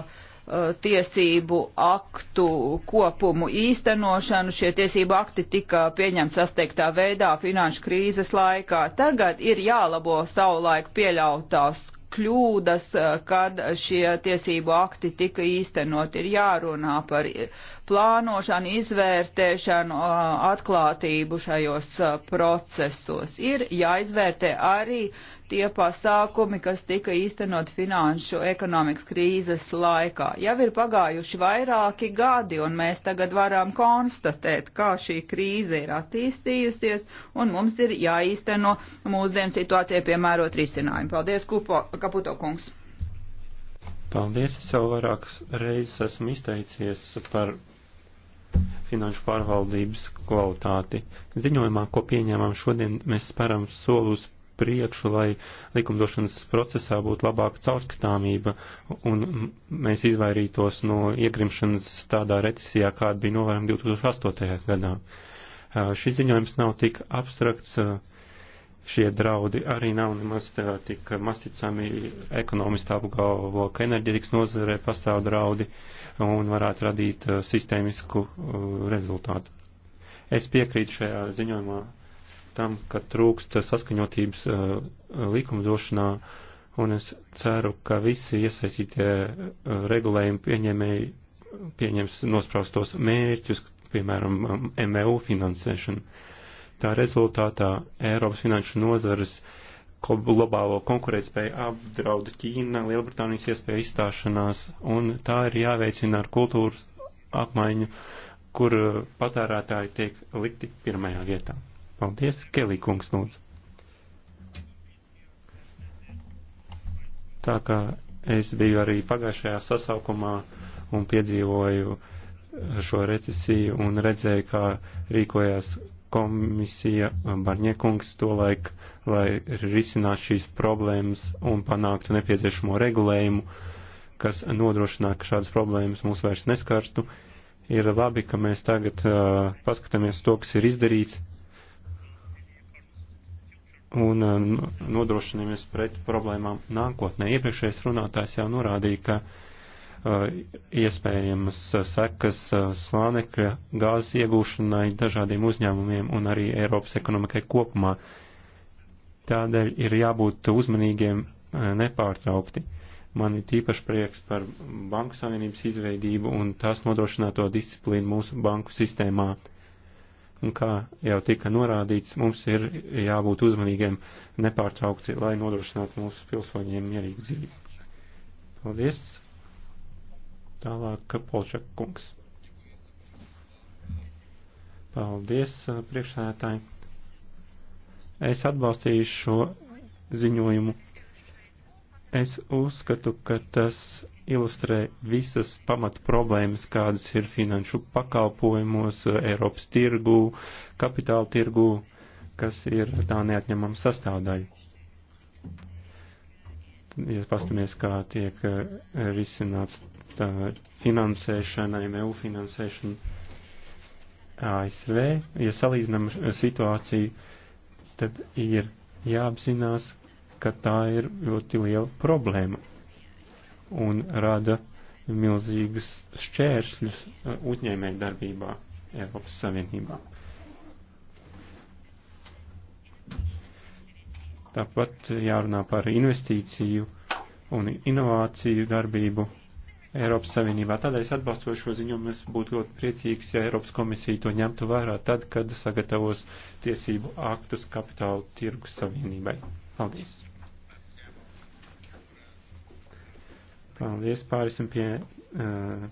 uh, tiesību aktu kopumu īstenošanu. Šie tiesību akti tika pieņemti sasteigtā veidā finanšu krīzes laikā. Tagad ir jālabo savulaik pieļautās kļūdas, uh, kad šie tiesību akti tika īstenot. Ir jārunā par plānošanu, izvērtēšanu, atklātību šajos procesos. Ir jāizvērtē arī tie pasākumi, kas tika īstenot finanšu ekonomikas krīzes laikā. Jau ir pagājuši vairāki gadi, un mēs tagad varam konstatēt, kā šī krīze ir attīstījusies, un mums ir jāīsteno mūsdienu situācijai piemērot risinājumu. Paldies, Kupo, Kaputo kungs! Paldies, es jau vairākas reizes esmu izteicies par finanšu pārvaldības kvalitāti. Ziņojumā, ko pieņēmām šodien, mēs sparam soli uz priekšu, lai likumdošanas procesā būtu labāka caurskatāmība un mēs izvairītos no iegrimšanas tādā recesijā, kāda bija novērama 2008. gadā. Šis ziņojums nav tik abstrakts, šie draudi arī nav nemaz tik masticami ekonomisti apgalvo, ka enerģetikas nozarē pastāv draudi. Uh, un varētu radīt uh, sistēmisku uh, rezultātu. Es piekrītu šajā ziņojumā tam, ka trūkst saskaņotības uh, likumdošanā, un es ceru, ka visi iesaistītie regulējumi pieņēmēji pieņems nospraustos mērķus, piemēram, MEU um, finansēšanu. Tā rezultātā Eiropas finanšu nozares uh, globālo konkurētspēju apdraud Ķīna, Lielbritānijas iespēja izstāšanās, un tā ir jāveicina ar kultūras apmaiņu, kur uh, patērētāji tiek likti pirmajā vietā. Paldies, Kelī kungs lūdzu. Tā kā es biju arī pagājušajā sasaukumā un piedzīvoju uh, šo recesiju un redzēju, kā rīkojās komisija eh, Barņekungs to laik, lai risinātu šīs problēmas un panāktu nepieciešamo regulējumu, kas nodrošinātu, ka šādas problēmas mūs vairs neskartu. Ir labi, ka mēs tagad uh, paskatāmies to, kas ir izdarīts, un uh, eh, nodrošinamies pret problēmām nākotnē. Iepriekšējais runātājs jau norādīja, ka uh, Uh, iespējamas uh, sekas uh, slānekļa gāzes iegūšanai dažādiem uzņēmumiem un arī Eiropas ekonomikai kopumā. Tādēļ ir jābūt uzmanīgiem nepārtraukti. Man ir tīpaši prieks par banku savienības izveidību un tās nodrošināto disciplīnu mūsu banku sistēmā. Un kā jau tika norādīts, mums ir jābūt uzmanīgiem nepārtraukti, lai nodrošinātu mūsu pilsoņiem mierīgu dzīvi. Paldies! Tālāk Polčak kungs. Paldies, priekšsēdētāji. Es atbalstīju šo ziņojumu. Es uzskatu, ka tas ilustrē visas pamat problēmas, kādas ir finanšu pakalpojumos, Eiropas tirgū, kapitāla tirgū, kas ir tā neatņemama sastāvdaļa. Ja pastamies, kā tiek risināts finansēšanai, MU e finansēšanai ASV. Ja salīdzinām situāciju, tad ir jāapzinās, ka tā ir ļoti liela problēma un rada milzīgas šķēršļus uh, uzņēmēju darbībā Eiropas Savienībā. Tāpat jārunā par investīciju un inovāciju darbību Eiropas Savienībā. Tādēļ es atbalstu šo ziņojumu, es būtu ļoti priecīgs, ja Eiropas komisija to ņemtu vērā tad, kad sagatavos tiesību aktus kapitāla tirgus savienībai. Paldies! Paldies, pārisim pie uh,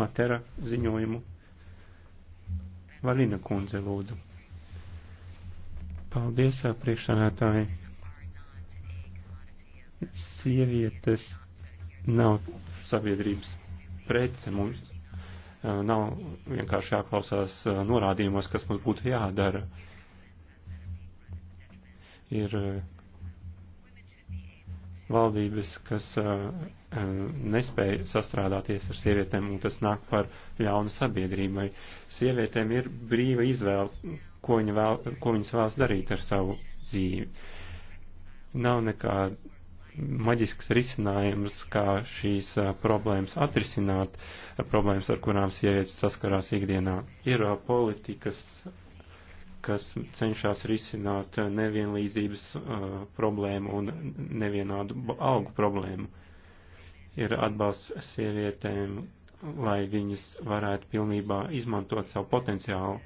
Matera ziņojumu. Valina kundze, lūdzu. Paldies, eh, priekšsādātāji. Sievietes nav sabiedrības prece mums eh, nav vienkārši jāklausās eh, norādījumos, kas mums būtu jādara. Ir eh, valdības, kas nespēja sastrādāties ar sievietēm, un tas nāk par ļaunu sabiedrībai. Sievietēm ir brīva izvēle, ko, viņa vēl, ko viņas vēlas darīt ar savu dzīvi. Nav nekāda maģisks risinājums, kā šīs problēmas atrisināt, problēmas, ar kurām sievietes saskarās ikdienā. Ir politikas, kas cenšas risināt nevienlīdzības problēmu un nevienādu algu problēmu. Ir atbalsts sievietēm, lai viņas varētu pilnībā izmantot savu potenciālu,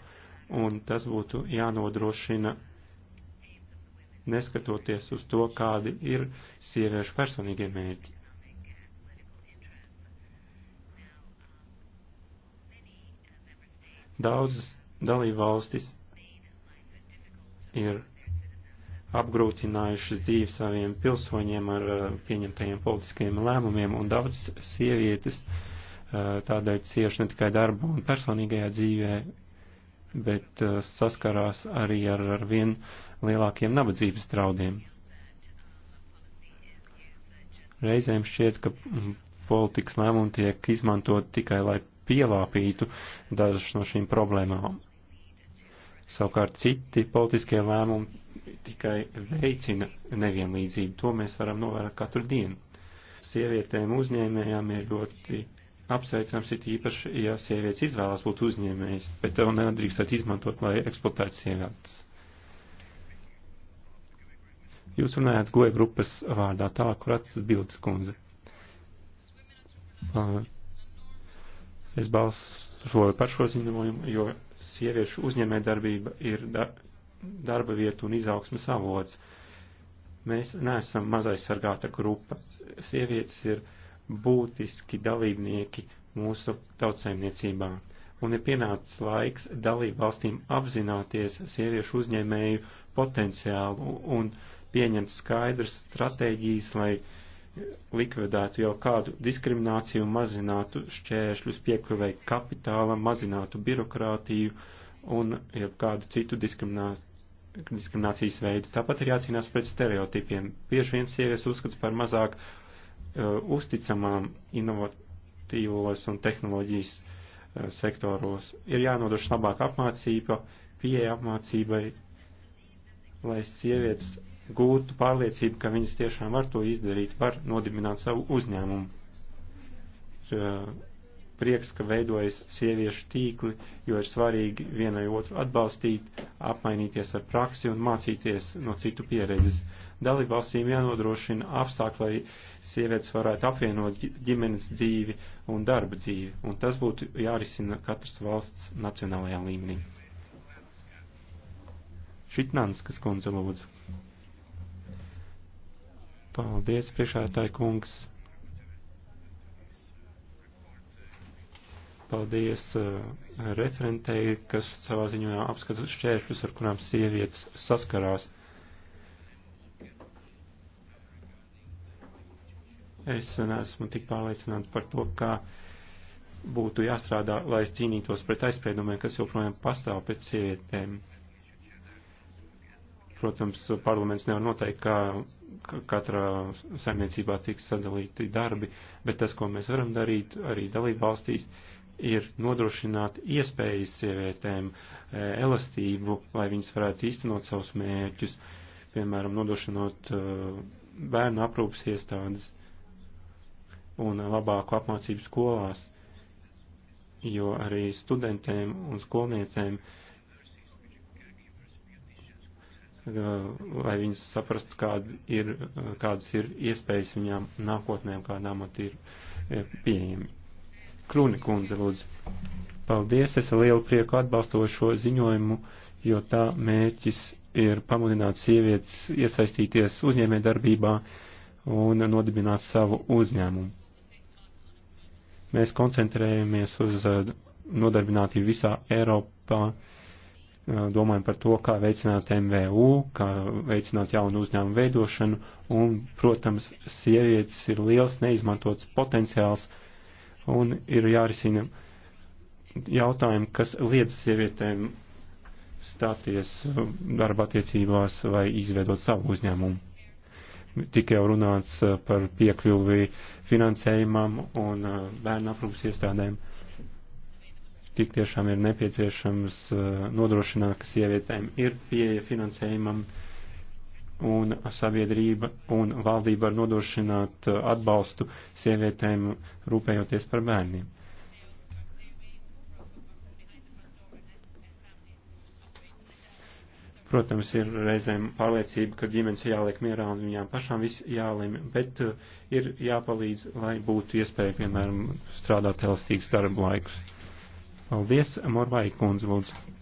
un tas būtu jānodrošina neskatoties uz to, kādi ir sieviešu personīgie mērķi. Daudzas dalībvalstis ir apgrūtinājušas dzīvi saviem pilsoņiem ar uh, pieņemtajiem politiskajiem lēmumiem, un daudz sievietes uh, tādēļ cieši ne tikai darba un personīgajā dzīvē, bet eh, saskarās arī ar, ar vien lielākiem nabadzības draudiem. Reizēm šķiet, ka mm, politikas lēmumi tiek izmantot tikai, lai pielāpītu dažas no šīm problēmām. Savukārt citi politiskie lēmumi tikai veicina nevienlīdzību. To mēs varam novērot katru dienu. Sievietēm uzņēmējām ir ļoti apsveicams ir īpaši, ja sievietes izvēlas būt uzņēmējas, bet to nedrīkstētu izmantot, lai eksploatētu sievietes. Jūs runājāt goja grupas vārdā, tā, kur atsas bildes kundze. Es balsoju par šo ziņojumu, jo sieviešu uzņēmē darbība ir da darba vietu un izaugsmas avots. Mēs neesam mazaizsargāta grupa. Sievietes ir uh, būtiski dalībnieki mūsu tautsēmniecībā, un ir pienācis laiks dalību valstīm apzināties sieviešu uzņēmēju potenciālu un pieņemt skaidras stratēģijas, lai likvidētu jau kādu diskrimināciju, mazinātu šķēršļus piekļuvei kapitālam, mazinātu birokrātiju un jau kādu citu diskriminā... diskriminācijas veidu. Tāpat ir jācīnās pret stereotipiem. Bieži vien sievietes uzskats par mazāk Uh, uzticamām inovatīvos un tehnoloģijas uh, sektoros. Ir jānodrošina labāka apmācība, pieeja apmācībai, lai sievietes gūtu pārliecību, ka viņas tiešām var to izdarīt, var nodibināt savu uzņēmumu. Ir uh, prieks, ka veidojas sieviešu tīkli, jo ir svarīgi vienai otru atbalstīt, apmainīties ar praksi un mācīties no citu pieredzes. Dalībvalstīm jānodrošina apstākļi, lai sievietes varētu apvienot ģimenes dzīvi un darba dzīvi, un tas būtu jārisina katras valsts nacionālajā līmenī. Šitnanskas kundze lūdzu. Paldies, priekšētāji kungs. Paldies uh, referentei, kas savā ziņojumā apskata šķēršļus, ar kurām sievietes saskarās. Es neesmu tik pārliecināts par to, kā būtu jāstrādā, lai es cīnītos pret aizspriedumiem, kas joprojām pastāv pret sievietēm. Protams, parlaments nevar noteikt, kā katrā saimniecībā tiks sadalīti darbi, bet tas, ko mēs varam darīt arī dalību valstīs, uh, ir nodrošināt iespējas sievietēm, eh, elastību, lai viņas varētu īstenot savus mērķus, piemēram, nodrošinot eh, bērnu aprūpas iestādes un labāku apmācību skolās, jo arī studentēm un skolniecēm, eh, lai viņas saprastu, kāda ir, kādas ir iespējas viņām nākotnēm, kādām at ir pieejami. Klūne kundze, lūdzu. Paldies, es ar lielu prieku atbalstošu šo ziņojumu, jo tā mērķis ir pamudināt sievietes iesaistīties uzņēmē darbībā un nodibināt savu uzņēmumu. Mēs koncentrējamies uz uh, nodarbinātību visā Eiropā, uh, domājam par to, kā veicināt MVU, kā veicināt jaunu uzņēmumu veidošanu, un, protams, sievietes ir liels neizmantots potenciāls, uh, un ir jārisina jautājumi, kas liedz sievietēm stāties darba attiecībās vai izveidot savu uzņēmumu. Tikai jau runāts eh, par piekļuvi finansējumam un eh, bērnu aprūpas iestādēm. Tik tiešām ir nepieciešams eh, nodrošināt, ka sievietēm ir pieeja finansējumam, uh, un sabiedrība un valdība var nodrošināt uh, atbalstu sievietēm rūpējoties par bērniem. Protams, ir reizēm pārliecība, ka ģimenes jāliek mierā un viņām pašām viss jālemj, bet uh, ir jāpalīdz, lai būtu iespēja, piemēram, strādāt elastīgs darba laikus. Paldies, Morvai Kundze, lūdzu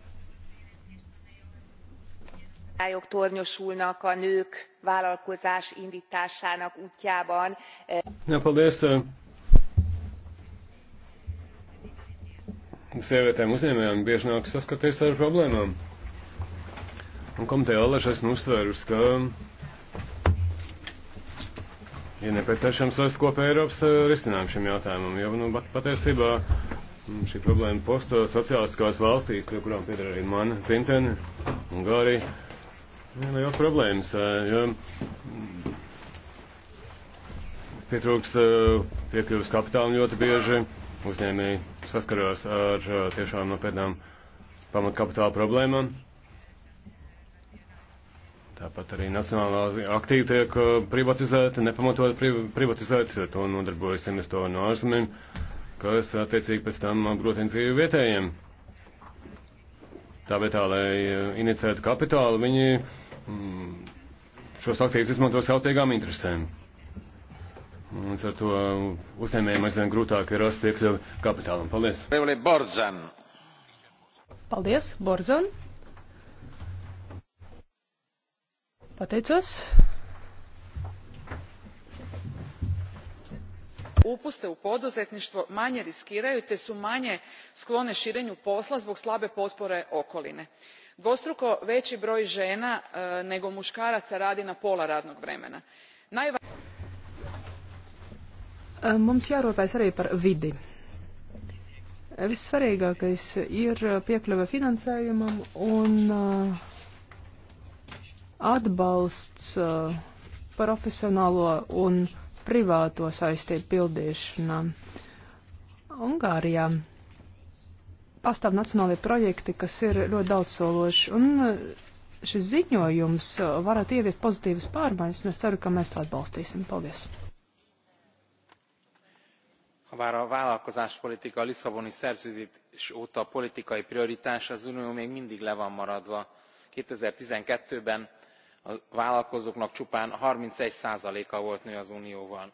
akadályok tornyosulnak a nők vállalkozás indtásának útjában. Jā, paldies. Sievietēm eh. uzņēmējām bieži nāk saskaties ar problēmām. Un komiteja Allaž esmu nu uztvērusi, ka ir nepieciešams rast kopēju Eiropas eh, risinājumu šim jautājumam, jo nu, patiesībā mm, šī problēma posto sociālistiskās valstīs, pie kurām pieder arī mana dzimtene, Ungārija, Nu, jau problēmas, jo pietrūkst piekļuvas kapitāla ļoti bieži uzņēmēji saskarās ar tiešām nopietnām pamatkapitāla problēmām. Tāpat arī nacionālā aktīva tiek privatizēta, nepamatot privatizēta, to nodarbojas investori no ārzemēm, kas attiecīgi pēc tam apgrūtina dzīvi vietējiem. Tā vietā, lai inicētu kapitālu, viņi Mm. šos aktīvus izmanto savtīgām interesēm. Un ar to uzņēmējiem aizvien grūtāk ir rast piekļuvi kapitālam. Paldies! Borzan. Paldies, Borzan! Pateicos! upuste u poduzetništvo manje riskiraju te su manje sklone širenju posla zbog slabe potpore okoline dvostruko vei broj ena e, nego mukaraca radi na pola radnog vremena. E, mums jārūpēs arī par vidi. Vissvarīgākais ir piekļuve finansējumam un e, atbalsts profesionālo un privāto saistību pildīšanā. Ungārijā pastāv nacionālie projekti, kas ir ļoti daudzsološi. Un eh, šis ziņojums eh, varētu ieviest pozitīvas pārmaiņas, un es ceru, ka mēs to atbalstīsim. Paldies! Habár a vállalkozáspolitika a Lisszaboni szerződés óta politikai prioritás, az Unió még mindig le van maradva. 2012-ben a vállalkozóknak csupán 31%-a volt nő az Unióban.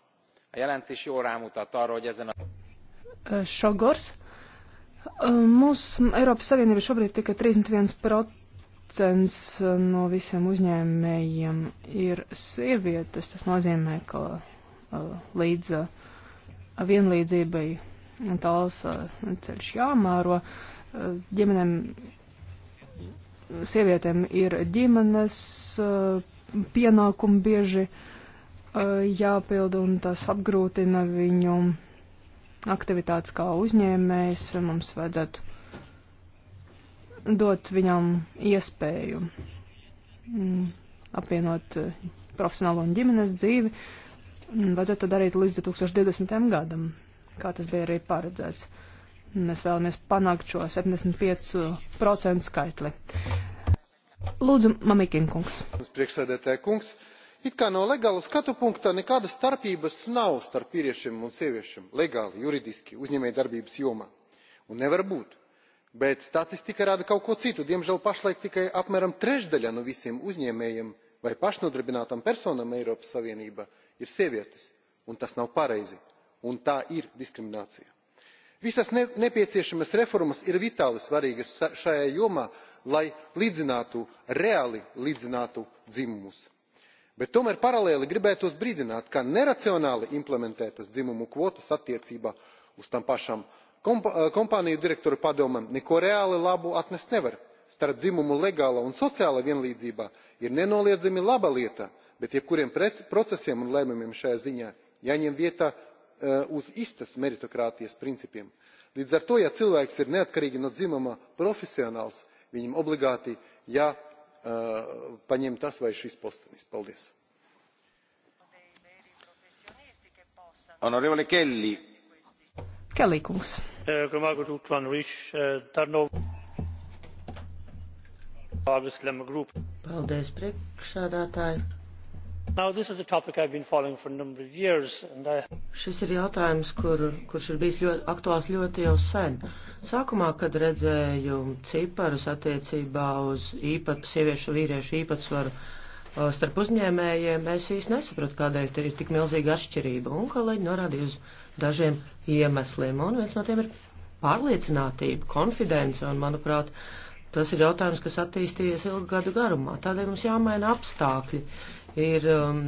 A jelentés jól rámutat arra, hogy ezen a... Eh, Sogorsz? Mūsu Eiropas Savienība šobrīd tikai 31% eh, no visiem uzņēmējiem ir sievietes. Tas nozīmē, ka eh, līdz eh, vienlīdzībai tāls ceļš jāmēro. Ģimenēm sievietēm ir ģimenes pienākumi bieži jāpilda, un tas apgrūtina viņu aktivitātes kā uzņēmējs, mums vajadzētu dot viņam iespēju mm, apvienot eh, profesionālo un ģimenes dzīvi. Vajadzētu to darīt līdz 2020. gadam, kā tas bija arī paredzēts. Mēs vēlamies panākt šo 75% skaitli. Lūdzu, Mamikinkungs. Priekšsēdētāja kungs it kā no legāla skatu punkta nekādas starpības nav starp vīriešiem un sieviešēm legāli juridiski uzņēmējdarbības jomā un nevar būt bet statistika rāda kaut ko citu diemžēl pašlaik tikai apmēram trešdaļa no visiem uzņēmējiem vai pašnodarbinātām personām eiropas savienībā ir sievietes un tas nav pareizi un tā ir diskriminācija. visas nepieciešamās reformas ir vitāli svarīgas šajā jomā lai līdzinātu reāli līdzinātu dzimumus bet tomēr paralēli gribētos brīdināt ka neracionāli implementētas dzimumu kvotas attiecībā uz tām pašām eh, kompāniju direktoru padomēm neko reāli labu atnest nevar. starp dzimumu legāla un sociāla vienlīdzība ir nenoliedzami laba lieta bet jebkuriem procesiem un lēmumiem šajā ziņā jāņem vieta eh, uz istas meritokrātijas principiem. līdz ar to ja cilvēks ir neatkarīgi no dzimuma profesionāls viņam obligāti paņem tas vai šis postenis. Paldies! Honorevole Kelly. Kelly kungs. Paldies, priekšsādātāji. Šis ir jautājums, kur, kurš ir bijis ļoti aktuāls ļoti jau sen. Sākumā, kad redzēju ciparus attiecībā uz īpat, sieviešu vīriešu īpatsvaru starp uzņēmējiem, es īsti nesapratu, kādēļ ir tik milzīga atšķirība. Un kolēģi norādīja uz dažiem iemesliem, un viens no tiem ir pārliecinātība, konfidence, un, manuprāt, tas ir jautājums, kas attīstījies ilgu gadu garumā. Tādēļ mums jāmaina apstākļi, ir um,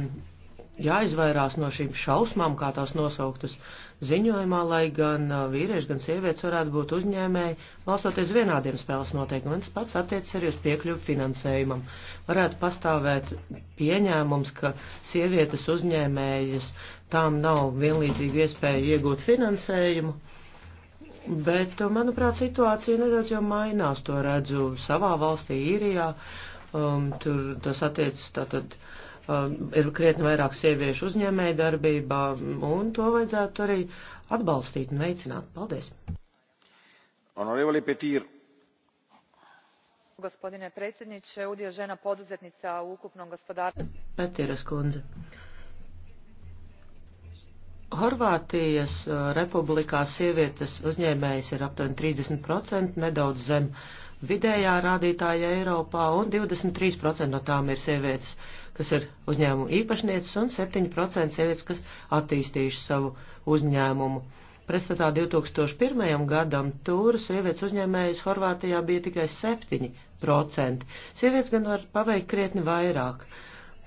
jāizvairās no šīm šausmām, kā tās nosauktas ziņojumā, lai gan uh, vīrieši, gan sievietes varētu būt uzņēmēji, balstoties vienādiem spēles noteikumiem. Tas pats attiecas arī uz piekļuvu finansējumam. Varētu pastāvēt pieņēmums, ka sievietes uzņēmējas tām nav vienlīdzīgi iespēja iegūt finansējumu. Bet, uh, manuprāt, situācija nedaudz jau mainās. To redzu savā valstī, Īrijā. Um, tur tas attiecas tātad. Uh, Um, ir krietni vairāk sieviešu uzņēmēju darbībā, un to vajadzētu arī atbalstīt un veicināt. Paldies! Honorevoli Petīr. Gospodine predsjedniče, udio žena poduzetnica u ukupnom gospodarstvu. Petiras kundze. Horvātijas uh, republikā sievietes uzņēmējas ir aptuveni 30%, nedaudz zem vidējā rādītāja Eiropā, un 23% no tām ir sievietes. Uh, kas ir uzņēmumu īpašnieces, un 7% sievietes, kas attīstījuši savu uzņēmumu. Pretstatā 2001. gadam tur sievietes uzņēmējas Horvātijā bija tikai 7%. Sievietes gan var paveikt krietni vairāk.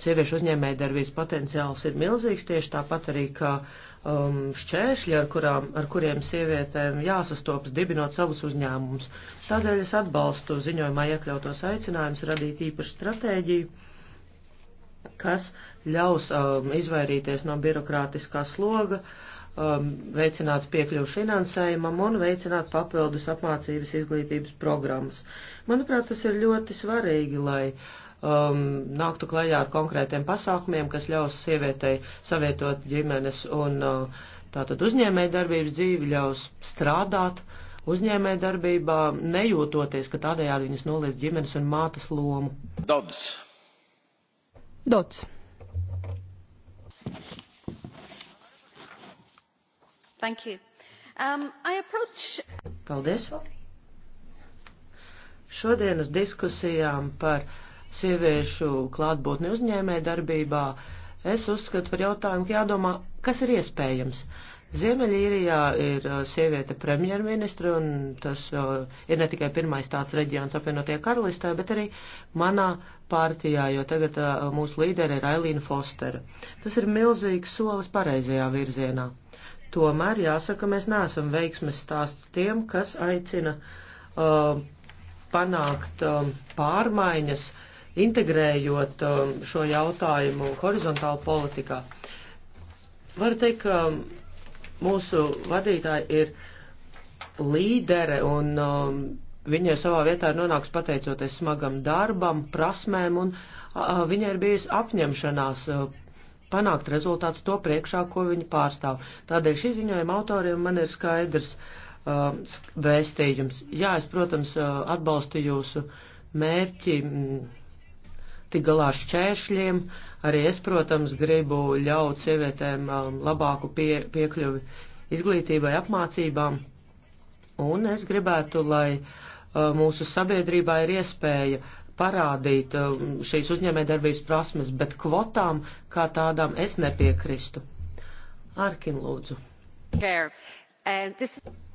Sieviešu uzņēmēja darbības potenciāls ir milzīgs, tieši tāpat arī kā um, šķēršļi, ar, kurām, ar kuriem sievietēm jāsastopas dibinot savus uzņēmumus. Tādēļ es atbalstu ziņojumā iekļautos aicinājumus radīt īpašu stratēģiju kas ļaus um, izvairīties no birokrātiskā sloga, um, veicināt piekļuvu finansējumam un veicināt papildus apmācības izglītības programmas. Manuprāt, tas ir ļoti svarīgi, lai um, nāktu klajā ar konkrētiem pasākumiem, kas ļaus sievietei savietot ģimenes un uh, tātad uzņēmēja darbības dzīvi, ļaus strādāt uzņēmēja darbībā, nejūtoties, ka tādējādi viņas noliedz ģimenes un mātes lomu. Daudz. Dots. Thank you. Um, I approach... Paldies. Šodienas diskusijām par sieviešu klātbūtni uzņēmē darbībā es uzskatu par jautājumu, ka jādomā, kas ir iespējams. Uh, Ziemeļīrijā ir uh, sieviete premjerministra, un tas uh, ir ne tikai pirmais tāds reģions apvienotajā karalistē, bet arī manā partijā, jo tagad uh, mūsu līderi ir Ailīna Fostera. Tas ir milzīgs solis pareizajā virzienā. Tomēr jāsaka, mēs neesam veiksmes stāsts tiem, kas aicina uh, panākt um, pārmaiņas, integrējot um, šo jautājumu horizontāli politikā. Var teikt, ka um, mūsu vadītāja ir līdere un um, viņa savā vietā ir nonākusi pateicoties smagam darbam, prasmēm un uh, viņai ir bijusi apņemšanās uh, panākt rezultātu to priekšā, ko viņa pārstāv. Tādēļ šī ziņojuma autoriem man ir skaidrs uh, vēstījums. Jā, es, protams, uh, atbalstu jūsu mērķi m, tik galā šķēršļiem. Uh, Arī es, protams, gribu ļaut sievietēm um, labāku pie, piekļuvi izglītībai, apmācībām, un es gribētu, lai uh, mūsu sabiedrībā ir iespēja parādīt uh, šīs uzņēmējdarbības prasmes, bet kvotām kā tādām es nepiekristu. Arkin lūdzu.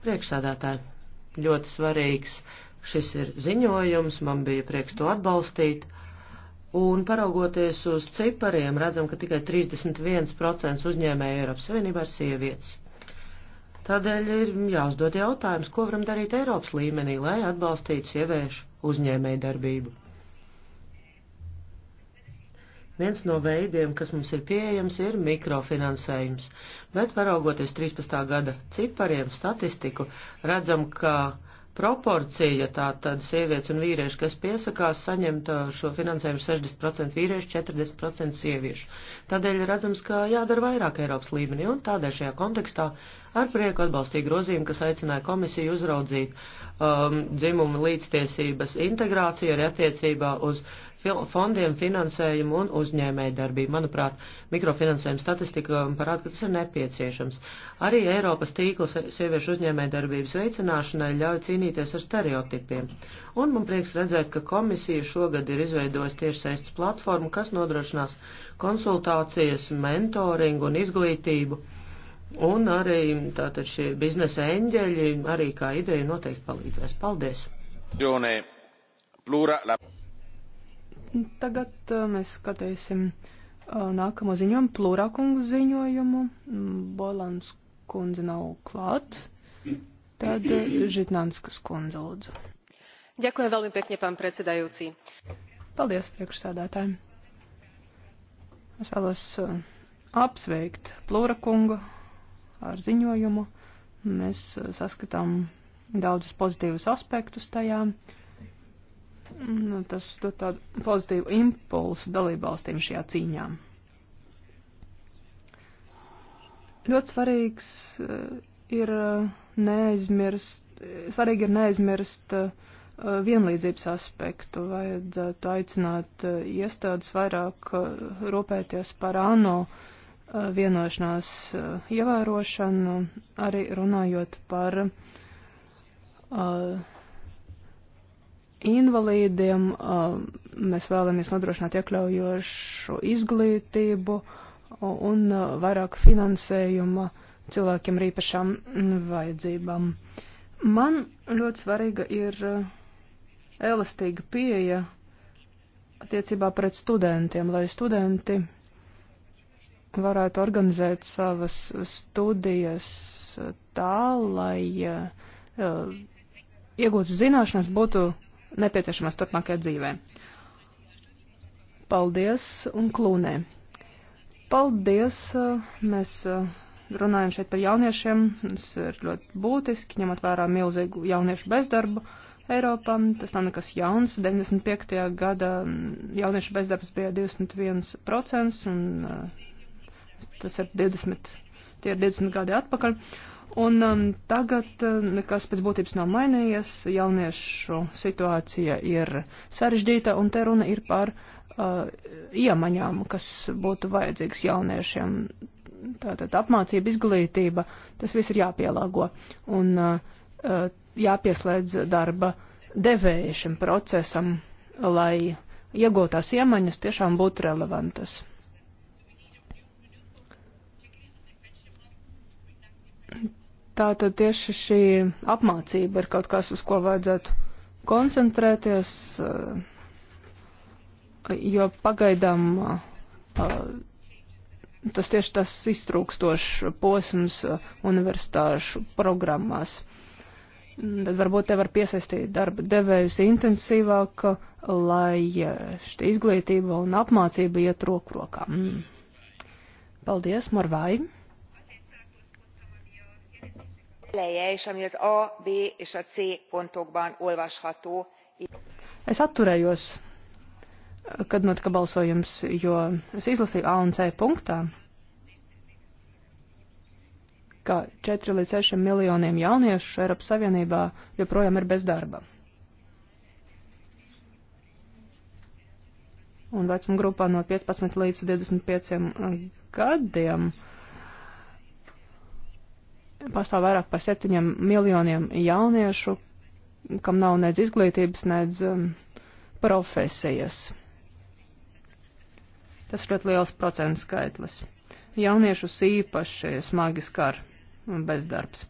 Priekšsādātāji, ļoti svarīgs šis ir ziņojums, man bija prieks to atbalstīt. Uh, Un paraugoties uz cipariem, redzam, ka tikai 31% uzņēmēja Eiropas Savienībā ir sievietes. Tādēļ ir jāuzdod jautājums, ko varam darīt Eiropas līmenī, lai atbalstītu sieviešu uzņēmēju darbību. Viens no veidiem, kas mums ir pieejams, ir mikrofinansējums, bet paraugoties 13. gada cipariem statistiku, redzam, ka proporcija, tātad sievietes un vīrieši, kas piesakās saņemt uh, šo finansējumu 60% vīriešu, 40% sieviešu. Tādēļ redzams, ka jādara vairāk Eiropas līmenī, un tādēļ šajā kontekstā ar prieku atbalstīja grozījumu, kas aicināja komisiju uzraudzīt um, dzimumu līdztiesības integrāciju arī attiecībā uz uh, fondiem, finansējumu un uzņēmēju darbību. Manuprāt, mikrofinansējuma statistika parāda, ka tas ir nepieciešams. Arī Eiropas tīkls sieviešu uzņēmēju darbības veicināšanai ļauj cīnīties ar stereotipiem. Un man prieks redzēt, ka komisija šogad ir izveidojusi tiešsaistes platformu, kas nodrošinās konsultācijas, mentoringu un izglītību. Un arī tātad šie biznesa eņģeļi arī kā ideja noteikti palīdzēs. Paldies! Plura, la... Tagad uh, mēs skatīsim uh, nākamo ziņojumu, plūrakungu ziņojumu. Mm, Bolans kundze nav klāt. Tad uh, Žitnānskas kundze lūdzu. Ďakujem veľmi pekne, pán predsedajúci. Paldies priekšsādātājiem. Es vēlos apsveikt plūrakungu ar ziņojumu. Mēs saskatām daudzus pozitīvus aspektus tajā. Uh, Nu, tas dod tādu pozitīvu impulsu dalībvalstīm šajā cīņā. Ļoti svarīgs eh, ir eh, neaizmirst, eh, svarīgi ir neaizmirst vienlīdzības aspektu. Vajadzētu aicināt iestādes vairāk rūpēties par ANO vienošanās ievērošanu, arī runājot par uh, invalīdiem. Mēs vēlamies nodrošināt iekļaujošu izglītību un vairāk finansējuma cilvēkiem ar īpašām vajadzībām. Man ļoti svarīga ir elastīga pieeja attiecībā pret studentiem, lai studenti varētu organizēt savas studijas tā, lai uh, iegūtas zināšanas būtu nepieciešamās turpmākajā dzīvē. Paldies un klūnē. Paldies, uh, mēs uh, runājam šeit par jauniešiem, tas ir ļoti būtiski, ņemot vērā milzīgu jauniešu bezdarbu Eiropā, tas nav nekas jauns, 95. gada mm, jauniešu bezdarbs bija 21% un uh, tas ir 20, tie ir 20 gadi atpakaļ. Uh, Un um, tagad um, nekas pēc būtības nav mainījies, jauniešu situācija ir sarežģīta, un te runa ir par uh, iemaņām, kas būtu vajadzīgs jauniešiem. Tātad apmācība, izglītība, tas viss ir jāpielāgo un uh, uh, jāpieslēdz darba devēja šim procesam, lai iegūtās iemaņas tiešām būtu relevantas. Tātad tieši šī apmācība ir kaut kas, uz ko vajadzētu koncentrēties, eh, jo pagaidām eh, tas tieši tas iztrūkstošs posms eh, universitāšu programmās. Tad varbūt te var piesaistīt darba devējus intensīvāk, lai šī izglītība un apmācība iet roku rokā. Mm. Paldies, Marvai! eleje és ami az a b és a c pontokban olvasható. es atturējos kad notika balsojums jo es izlasīju a un c punktā ka 4 līdz 6 miljoniem jauniešu Eiropas Savienībā joprojām ir bez darba. Un vecuma grupā no 15 līdz 25 gadiem uh, pastāv vairāk par septiņiem miljoniem jauniešu, kam nav nedz izglītības, nedz um, profesijas. Tas ir ļoti liels procents skaitlis. Jauniešus īpaši smagi skar bezdarbs.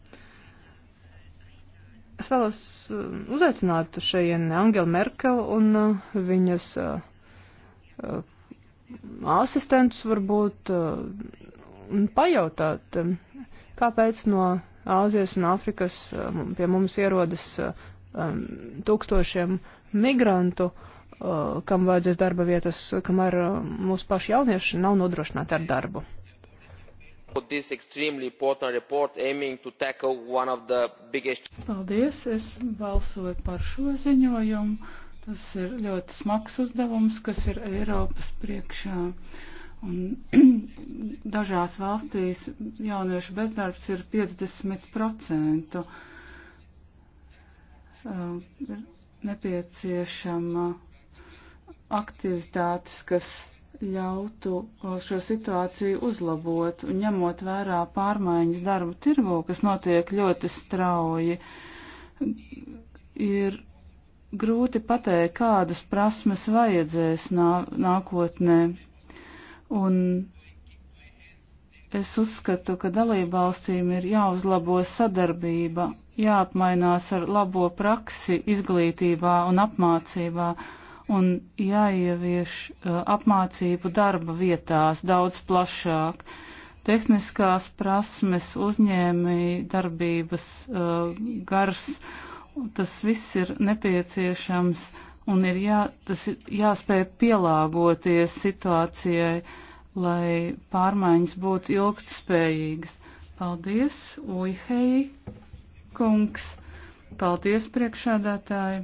Es vēlos um, uzaicināt šeit Angelu Merkelu un uh, viņas uh, uh, asistentus varbūt un pajautāt, um, Kāpēc no Āzijas un Āfrikas eh, pie mums ierodas um, tūkstošiem migrantu, uh, kam vajadzēs darba vietas, kamēr uh, mūsu paši jaunieši nav nodrošināti ar darbu? Biggest... Paldies, es balsoju par šo ziņojumu. Tas ir ļoti smags uzdevums, kas ir Eiropas priekšā. Uh, Un dažās valstīs jauniešu bezdarbs ir 50%. Ir nepieciešama aktivitātes, kas ļautu šo situāciju uzlabot un ņemot vērā pārmaiņas darba tirgu, kas notiek ļoti strauji, ir grūti pateikt, kādas prasmes vajadzēs nā, nākotnē Un es uzskatu, ka dalībvalstīm ir jāuzlabo sadarbība, jāapmainās ar labo praksi izglītībā un apmācībā un jāievieš uh, apmācību darba vietās daudz plašāk. Tehniskās prasmes, uzņēmēji, darbības uh, gars, tas viss ir nepieciešams uh, un ir jā, tas ir jāspēj pielāgoties situācijai, lai pārmaiņas būtu ilgtspējīgas. Paldies, Uihei, kungs, paldies priekšādātāji,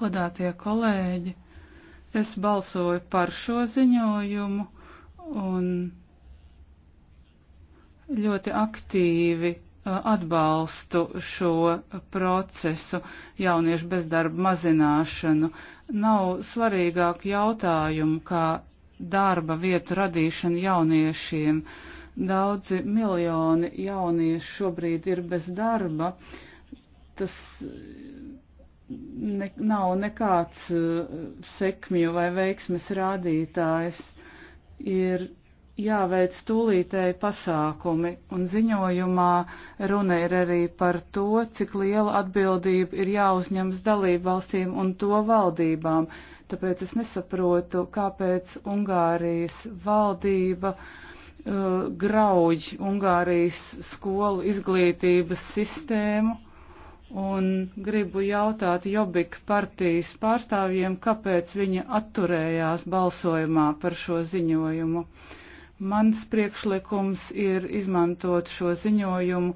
godātie kolēģi. Es balsoju par šo ziņojumu un ļoti aktīvi atbalstu šo procesu, jauniešu bezdarba mazināšanu. Nav svarīgāk jautājumu kā darba vietu radīšana jauniešiem. Daudzi miljoni jauniešu šobrīd ir bez darba. Tas ne, nav nekāds sekmju vai veiksmes rādītājs. Ir jāveic tūlītēji pasākumi, un ziņojumā runa ir arī par to, cik liela atbildība ir jāuzņems dalību valstīm un to valdībām. Tāpēc es nesaprotu, kāpēc Ungārijas valdība uh, grauj Ungārijas skolu izglītības sistēmu. Un gribu jautāt Jobik partijas pārstāvjiem, kāpēc viņa atturējās balsojumā par šo ziņojumu. Uh, Mans priekšlikums ir izmantot šo ziņojumu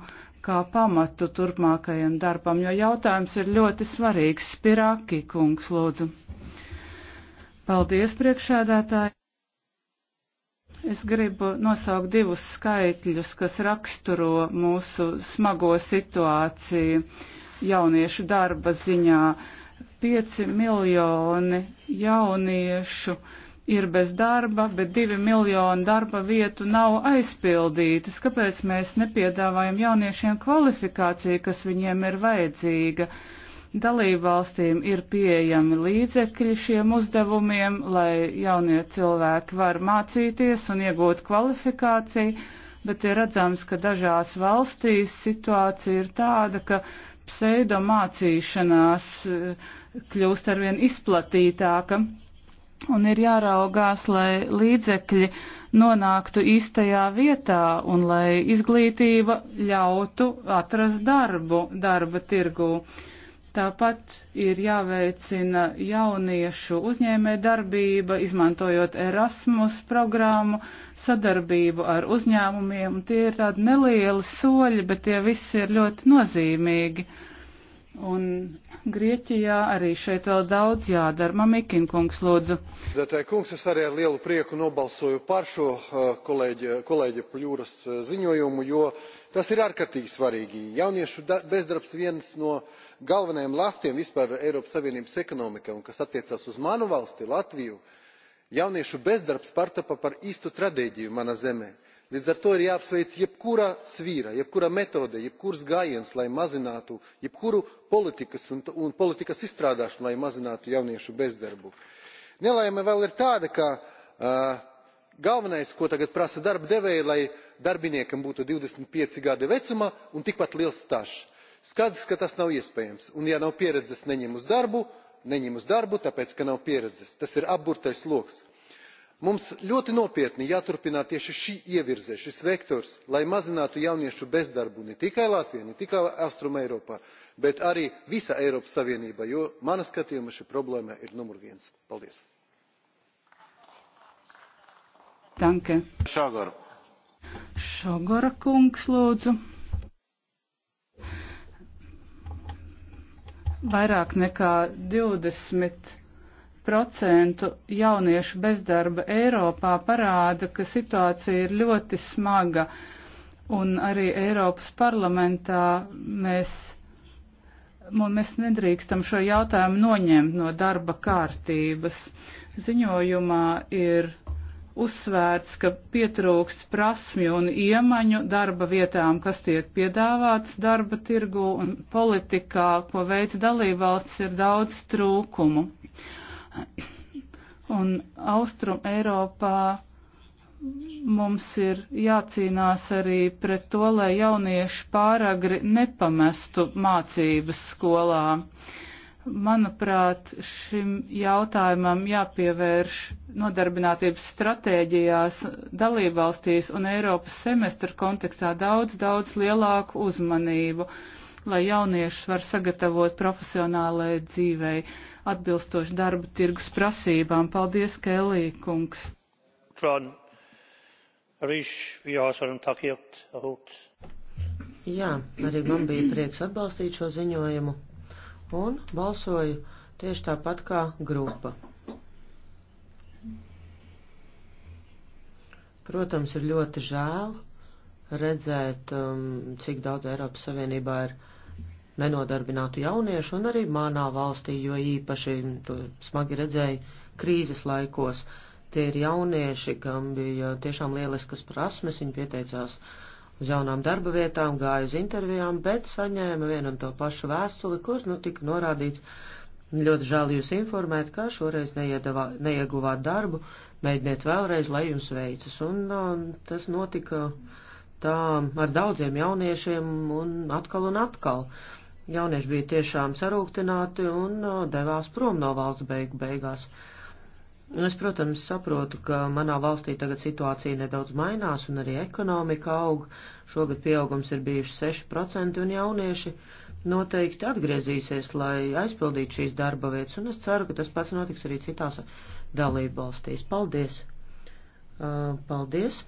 kā pamatu turpmākajam darbam, jo jautājums ir ļoti svarīgs. Spirāki kungs, lūdzu. Paldies, priekšēdētāji. Es gribu nosaukt divus skaitļus, kas raksturo mūsu smago situāciju jauniešu darba ziņā. 5 miljoni jauniešu ir bez darba, bet divi miljoni darba vietu nav aizpildītas. Kāpēc mēs nepiedāvājam jauniešiem kvalifikāciju, kas viņiem ir vajadzīga? Dalībvalstīm ir pieejami līdzekļi šiem uzdevumiem, lai jaunie cilvēki var mācīties un iegūt kvalifikāciju, bet ir redzams, ka dažās valstīs situācija ir tāda, ka pseido mācīšanās eh, kļūst arvien izplatītāka un ir jāraugās, lai līdzekļi nonāktu īstajā vietā un lai izglītība ļautu atrast darbu darba tirgū. Tāpat ir jāveicina jauniešu uzņēmē darbība, izmantojot Erasmus programmu, sadarbību ar uzņēmumiem, un tie ir tādi nelieli soļi, bet tie visi ir ļoti nozīmīgi. Uh, Un Grieķijā arī šeit vēl daudz jādara. Mamikina kungs, lūdzu. Kungs, es arī ar lielu prieku nobalsoju par šo kolēģa, uh, kolēģa uh, Pļūras uh, ziņojumu, jo tas ir ārkārtīgi svarīgi. Jauniešu bezdarbs viens no galvenajiem lastiem vispār Eiropas Savienības ekonomikā, un kas attiecās uz manu valsti, Latviju, jauniešu bezdarbs partapa par īstu traģēdiju mana zemē līdz ar to ir jāapsveic jebkura svīra jebkura metode jebkurš gājiens lai mazinātu jebkura politika un politikas izstrādāšana lai mazinātu jauniešu bezdarbu. nelaime vēl ir tāda ka galvenais ko tagad prasa darba devēji lai darbiniekam būtu divdesmit pieci gadi vecumā un tikpat liels stažs. skaidrs ka tas nav iespējams un ja nav pieredzes neņem uz darbu neņem uz darbu tāpēc ka nav pieredzes. tas ir apburtais loks mums ļoti nopietni jāturpina tieši šī ievirze šis vektors lai mazinātu jauniešu bezdarbu ne tikai latvijā ne tikai austrumeiropā bet arī visā eiropas savienībā jo manā skatījumā šī problēma ir numur viens. paldies! Danke. Šogor. Šogora kungs lūdzu. Vairāk nekā 20 10% jauniešu bezdarba Eiropā parāda, ka situācija ir ļoti smaga. Un arī Eiropas parlamentā mēs, mēs nedrīkstam šo jautājumu noņemt no darba kārtības. Ziņojumā ir uzsvērts, ka pietrūkst prasmju un iemaņu darba vietām, kas tiek piedāvāts darba tirgu un politikā, ko veids dalībvalsts, ir daudz trūkumu. Un Austrum Eiropā mums ir jācīnās arī pret to, lai jaunieši pāragri nepamestu mācības skolā. Manuprāt, šim jautājumam jāpievērš nodarbinātības stratēģijās dalībvalstīs un Eiropas semestra kontekstā daudz, daudz lielāku uzmanību, lai jauniešus var sagatavot profesionālajai dzīvei atbilstoši darba tirgus prasībām. Paldies, Kelī, kungs! Jā, arī man bija prieks atbalstīt šo ziņojumu un balsoju tieši tāpat kā grupa. Protams, ir ļoti žēl redzēt, um, cik daudz Eiropas Savienībā ir nenodarbinātu jauniešu, un arī manā valstī, jo īpaši to smagi redzēju krīzes laikos. Tie ir jaunieši, kam bija tiešām lieliskas prasmes, viņi pieteicās uz jaunām darba vietām, gāja uz intervijām, bet saņēma vienu un to pašu vēstuli, kur nu tika norādīts, ļoti žēl jūs informēt, ka šoreiz neiedavā, neieguvāt darbu, mēģiniet vēlreiz, lai jums veicas. Un, un nu, tas notika tā ar daudziem jauniešiem un atkal un atkal. Uh, Jaunieši bija tiešām sarūktināti un devās prom no valsts beigu beigās. Un es, protams, saprotu, ka manā valstī tagad situācija nedaudz mainās un arī ekonomika aug. Šogad pieaugums ir bijuši 6% un jaunieši noteikti atgriezīsies, lai aizpildītu šīs darba vietas. Un es ceru, ka tas pats notiks arī citās dalību valstīs. Paldies! Paldies!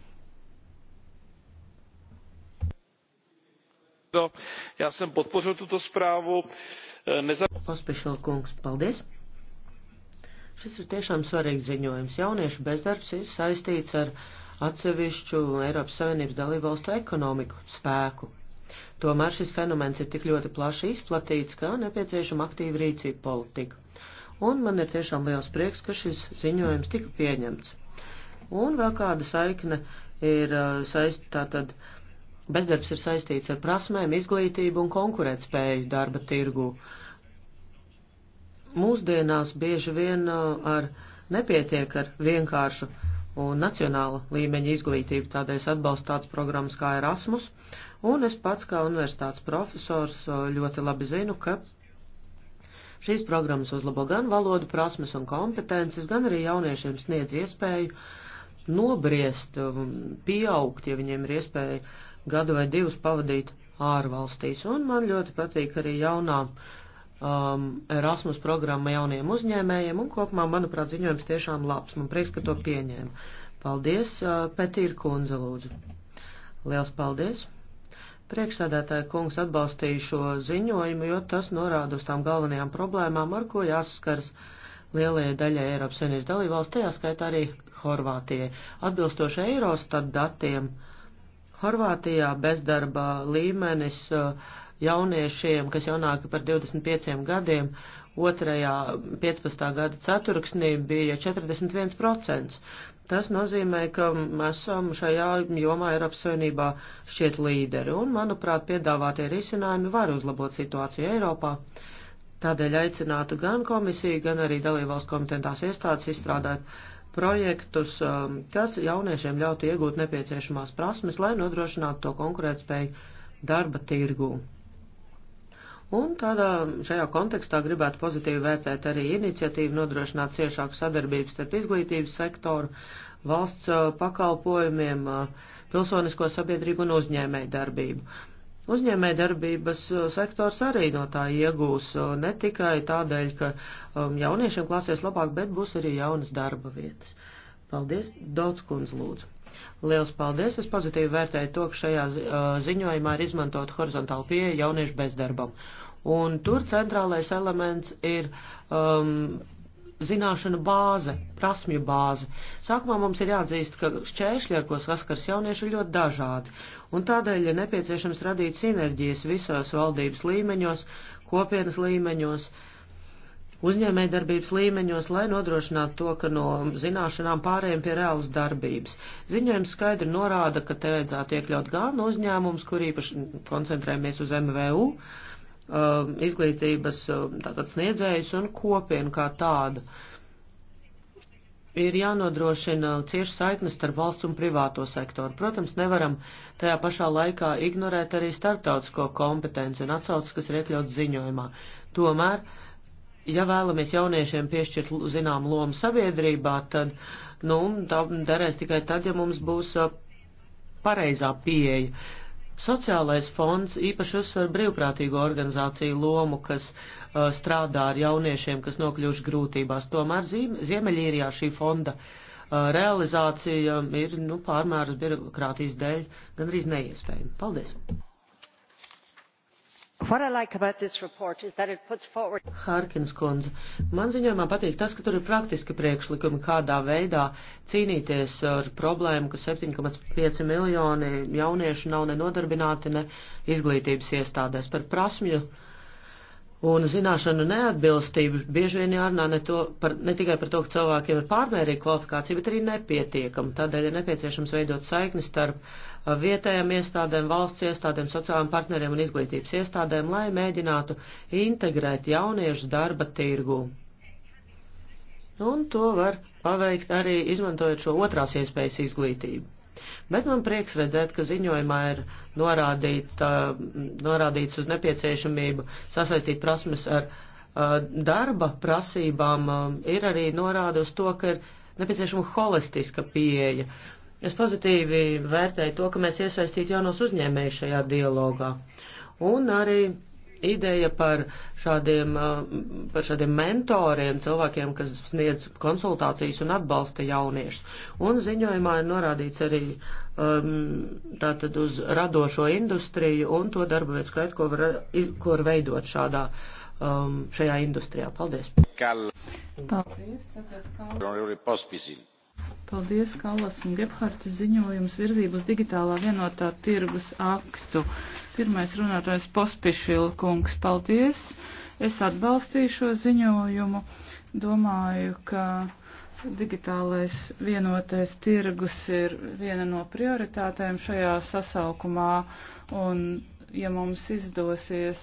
já jsem podpořil tuto zprávu. E, neza... Pospešil kungs, paldies. Šis ir tiešām svarīgs ziņojums. Jauniešu bezdarbs ir saistīts ar atsevišķu Eiropas Savienības dalībvalstu ekonomiku spēku. Tomēr šis fenomens ir tik ļoti plaši izplatīts, ka nepieciešama aktīva rīcība politika. Un man ir tiešām liels prieks, ka šis ziņojums tika pieņemts. Un vēl kāda saikne ir e, saistīta tātad Bezdarbs ir saistīts ar prasmēm, izglītību un konkurētspēju darba tirgu. Mūsdienās bieži vien uh, ar nepietiek ar vienkāršu un nacionāla līmeņa izglītību, tādēļ es atbalstu tādas programmas kā Erasmus, un es pats kā universitātes profesors uh, ļoti labi zinu, ka Šīs programmas uzlabo gan valodu prasmes un kompetences, gan arī jauniešiem sniedz iespēju nobriest, um, pieaugt, ja viņiem ir iespēja gadu vai divus pavadīt ārvalstīs. Un man ļoti patīk arī jaunā um, Erasmus programma jauniem uzņēmējiem, un kopumā, manuprāt, ziņojums tiešām labs. Man prieks, ka to pieņēma. Paldies, uh, Petīra kundze, lūdzu. Liels paldies! Priekšsēdētāja kungs atbalstīja šo ziņojumu, jo tas norāda uz tām galvenajām problēmām, ar ko jāsaskars lielajai daļai Eiropas Savienības dalībvalsts, tajā skaitā arī Horvātijai. Atbilstoši Eirostat datiem. Uh, Horvātijā bezdarba līmenis eh, jauniešiem, kas jaunāki par 25 gadiem, otrajā 15. gada ceturksnī bija 41%. Tas nozīmē, ka mēs esam šajā jomā Eiropas Savienībā šķiet līderi, un, manuprāt, piedāvātie risinājumi var uzlabot situāciju Eiropā. Tādēļ aicinātu gan komisiju, gan arī dalībvalsts komitentās iestādes izstrādāt uh, projektus, um, kas jauniešiem ļautu iegūt nepieciešamās prasmes, lai nodrošinātu to konkurētspēju darba tirgū. Un tādā šajā kontekstā gribētu pozitīvi vērtēt arī iniciatīvu nodrošināt ciešāku sadarbību starp izglītības sektoru, valsts uh, pakalpojumiem, uh, pilsonisko sabiedrību un uzņēmēju darbību. Uzņēmē darbības uh, sektors arī no tā iegūs uh, ne tikai tādēļ, ka um, jauniešiem klāsies labāk, bet būs arī jaunas darba vietas. Paldies, daudz kundz lūdzu. Liels paldies! Es pozitīvi vērtēju to, ka šajā uh, ziņojumā ir izmantot horizontāli pieeja jauniešu bezdarbam. Un tur centrālais elements ir um, zināšanu bāze, prasmju bāze. Sākumā mums ir jāatzīst, ka šķēršļi, ar ko saskars jaunieši, ir ļoti dažādi, un tādēļ ir nepieciešams radīt sinerģijas visos valdības līmeņos, kopienas līmeņos, uzņēmējdarbības līmeņos, lai nodrošinātu to, ka no zināšanām pārējiem pie reālas darbības. Ziņojums skaidri norāda, ka te vajadzētu iekļaut gan uzņēmums, kur īpaši koncentrējamies uz MVU, um, izglītības um, tātad sniedzējus un kopienu kā tādu. Ir jānodrošina cieši saiknes starp valsts un privāto sektoru. Protams, nevaram tajā pašā laikā ignorēt arī starptautisko kompetenci un atsaucas, kas ir iekļauts ziņojumā. Tomēr, ja vēlamies jauniešiem piešķirt zinām lomu sabiedrībā, tad, nu, tā derēs tikai tad, ja mums būs uh, pareizā pieeja. Sociālais fonds īpaši uzsver brīvprātīgo organizāciju lomu, kas uh, strādā ar jauniešiem, kas nokļuvuši grūtībās. Tomēr Ziemeļīrijā šī fonda uh, realizācija ir nu, pārmēras birokrātijas dēļ gandrīz neiespējama. Paldies! Like forward... Harkins kundze, man ziņojumā patīk tas, ka tur ir praktiski priekšlikumi, kādā veidā cīnīties ar problēmu, ka 7,5 miljoni jauniešu nav nenodarbināti ne izglītības iestādēs par prasmju. Un zināšanu neatbilstību bieži vien jārunā ne, to, par, ne tikai par to, ka cilvēkiem ir pārmērīga kvalifikācija, bet arī nepietiekama. Tādēļ ir nepieciešams veidot saikni starp uh, vietējām iestādēm, valsts iestādēm, sociālām partneriem un izglītības iestādēm, lai mēģinātu integrēt jauniešus darba tirgū. Un to var paveikt arī izmantojot šo otrās iespējas izglītību. Bet man prieks redzēt, ka ziņojumā ir norādīt, uh, norādīts uz nepieciešamību sasaistīt prasmes ar uh, darba prasībām. Uh, ir arī norāda uz to, ka ir nepieciešama holistiska pieeja Es pozitīvi vērtēju to, ka mēs iesaistītu jaunos uzņēmējus šajā dialogā. Un arī ideja par šādiem, uh, par šādiem mentoriem, cilvēkiem, kas sniedz konsultācijas un atbalsta jauniešus. Un ziņojumā ir norādīts arī um, tātad uz radošo industriju un to darba vietu skaitu, ko var, ko var veidot šādā, um, šajā industrijā. Paldies! Kal. Paldies! Tagad, kal. Paldies, Kallas un Gebharta ziņojums virzības digitālā vienotā tirgus aktu. Pirmais runātājs Pospišilkungs, paldies. Es atbalstīju šo ziņojumu. Domāju, ka digitālais vienotais tirgus ir viena no prioritātēm šajā sasaukumā. Un, ja mums izdosies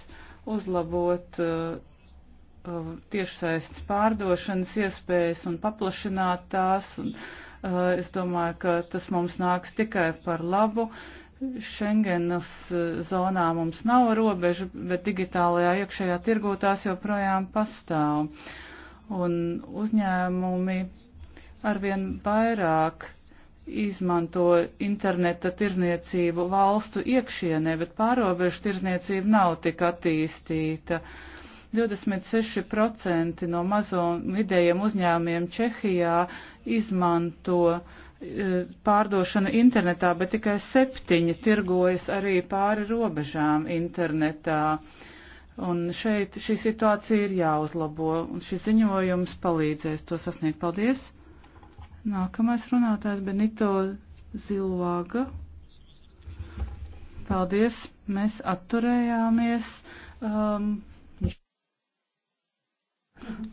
uzlabot uh, uh tiešsaistes pārdošanas iespējas un paplašināt tās un Es domāju, ka tas mums nāks tikai par labu. Šengenas eh, zonā mums nav robežu, bet digitālajā iekšējā tirgū tās joprojām pastāv. Un uzņēmumi arvien vairāk izmanto interneta tirzniecību valstu iekšienē, bet pārobežu tirzniecība nav tik attīstīta. 26% no mazo un vidējiem uzņēmumiem Čehijā izmanto eh, pārdošanu internetā, bet tikai septiņi tirgojas arī pāri robežām internetā. Un šeit šī situācija ir jāuzlabo, un šis ziņojums palīdzēs to sasniegt. Paldies! Nākamais runātājs Benito Zilvāga. Paldies, mēs atturējāmies. Um,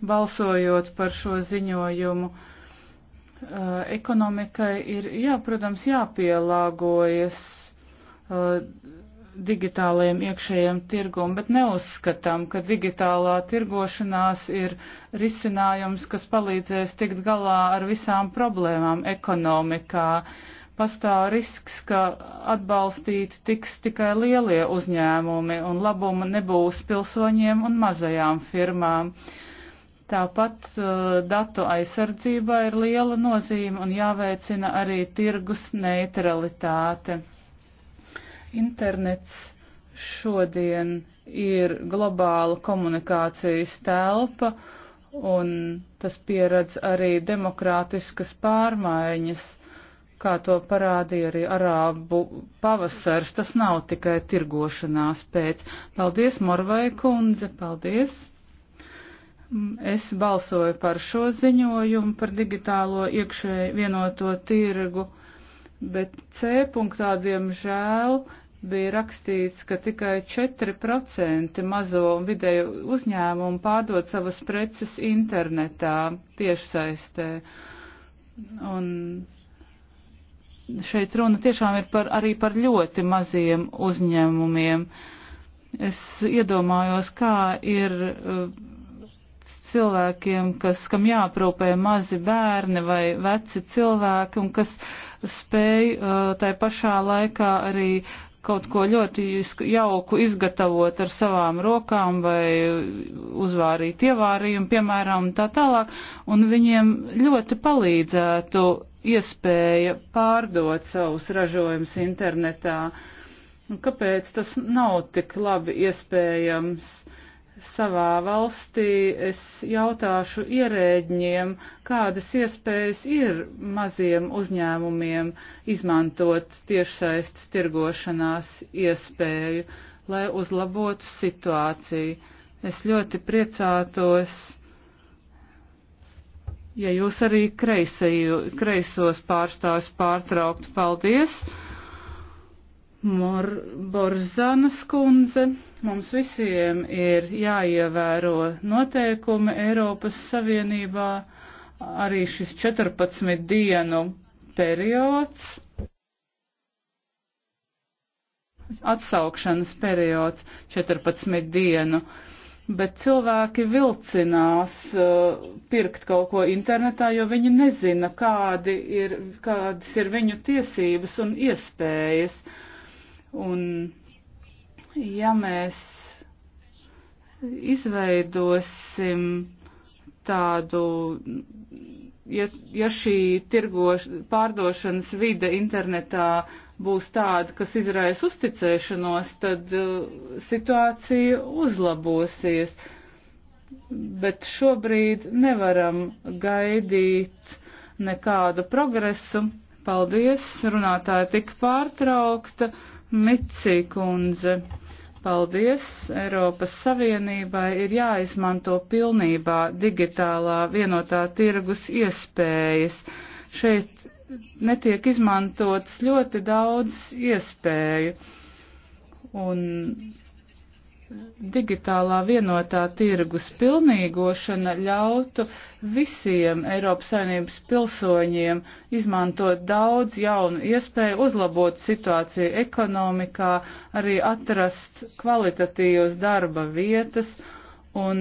balsojot par šo ziņojumu. Uh, Eh, ekonomikai ir, jā, protams, jāpielāgojas uh, digitālajiem iekšējiem tirgum, bet neuzskatām, ka digitālā tirgošanās ir risinājums, kas palīdzēs tikt galā ar visām problēmām ekonomikā. Pastāv risks, ka atbalstīti tiks tikai lielie uzņēmumi un labuma nebūs pilsoņiem un mazajām firmām. Uh, Tāpat uh, datu aizsardzībai ir liela nozīme un jāveicina arī tirgus neutralitāte. Internets šodien ir globāla komunikācijas telpa un tas pieredz arī demokrātiskas pārmaiņas, kā to parādīja arī arābu pavasars. Tas nav tikai tirgošanās pēc. Paldies, Morvai kundze, paldies! Mm, es balsoju par šo ziņojumu par digitālo iekšēju vienoto tirgu, bet C punktā, diemžēl, bija rakstīts, ka tikai 4% mazo un vidēju uzņēmumu pārdod savas preces internetā tiešsaistē. Un šeit runa tiešām ir par, arī par ļoti maziem uzņēmumiem. Es iedomājos, kā ir. Uh, cilvēkiem, kas, kam jāprūpē mazi bērni vai veci cilvēki un kas spēj uh, tai pašā laikā arī kaut ko ļoti jauku izgatavot ar savām rokām vai uzvārīt ievārījumu, piemēram, tā tālāk, un viņiem ļoti palīdzētu iespēja pārdot savus ražojumus internetā. Un kāpēc tas nav tik labi iespējams? Uh, savā valstī es jautāšu ierēģiem, kādas iespējas ir maziem uzņēmumiem izmantot tiešsaistes tirgošanās iespēju, lai uzlabotu situāciju. Es ļoti priecātos, ja jūs arī kreisajos pārstāvjus pārtrauktu. Paldies! Mor Borzanas kundze, mums visiem ir jāievēro noteikumi Eiropas Savienībā, arī šis 14 dienu periods, atsaukšanas periods 14 dienu, bet cilvēki vilcinās uh, pirkt kaut ko internetā, jo viņi nezina, kādi ir, kādas ir viņu tiesības un iespējas Un ja mēs izveidosim tādu, ja, ja šī tirgoš, pārdošanas vide internetā būs tāda, kas izraisa uzticēšanos, tad uh, situācija uzlabosies. Bet šobrīd nevaram gaidīt nekādu progresu. Paldies, runātāja tika pārtraukta. Micī kundze. Paldies! Eiropas Savienībai ir jāizmanto pilnībā digitālā vienotā tirgus iespējas. Šeit netiek izmantotas ļoti daudz iespēju. Un digitālā vienotā tirgus pilnīgošana ļautu visiem Eiropas Savienības pilsoņiem izmantot daudz jaunu iespēju, uzlabot situāciju ekonomikā, arī atrast kvalitatīvas darba vietas. Un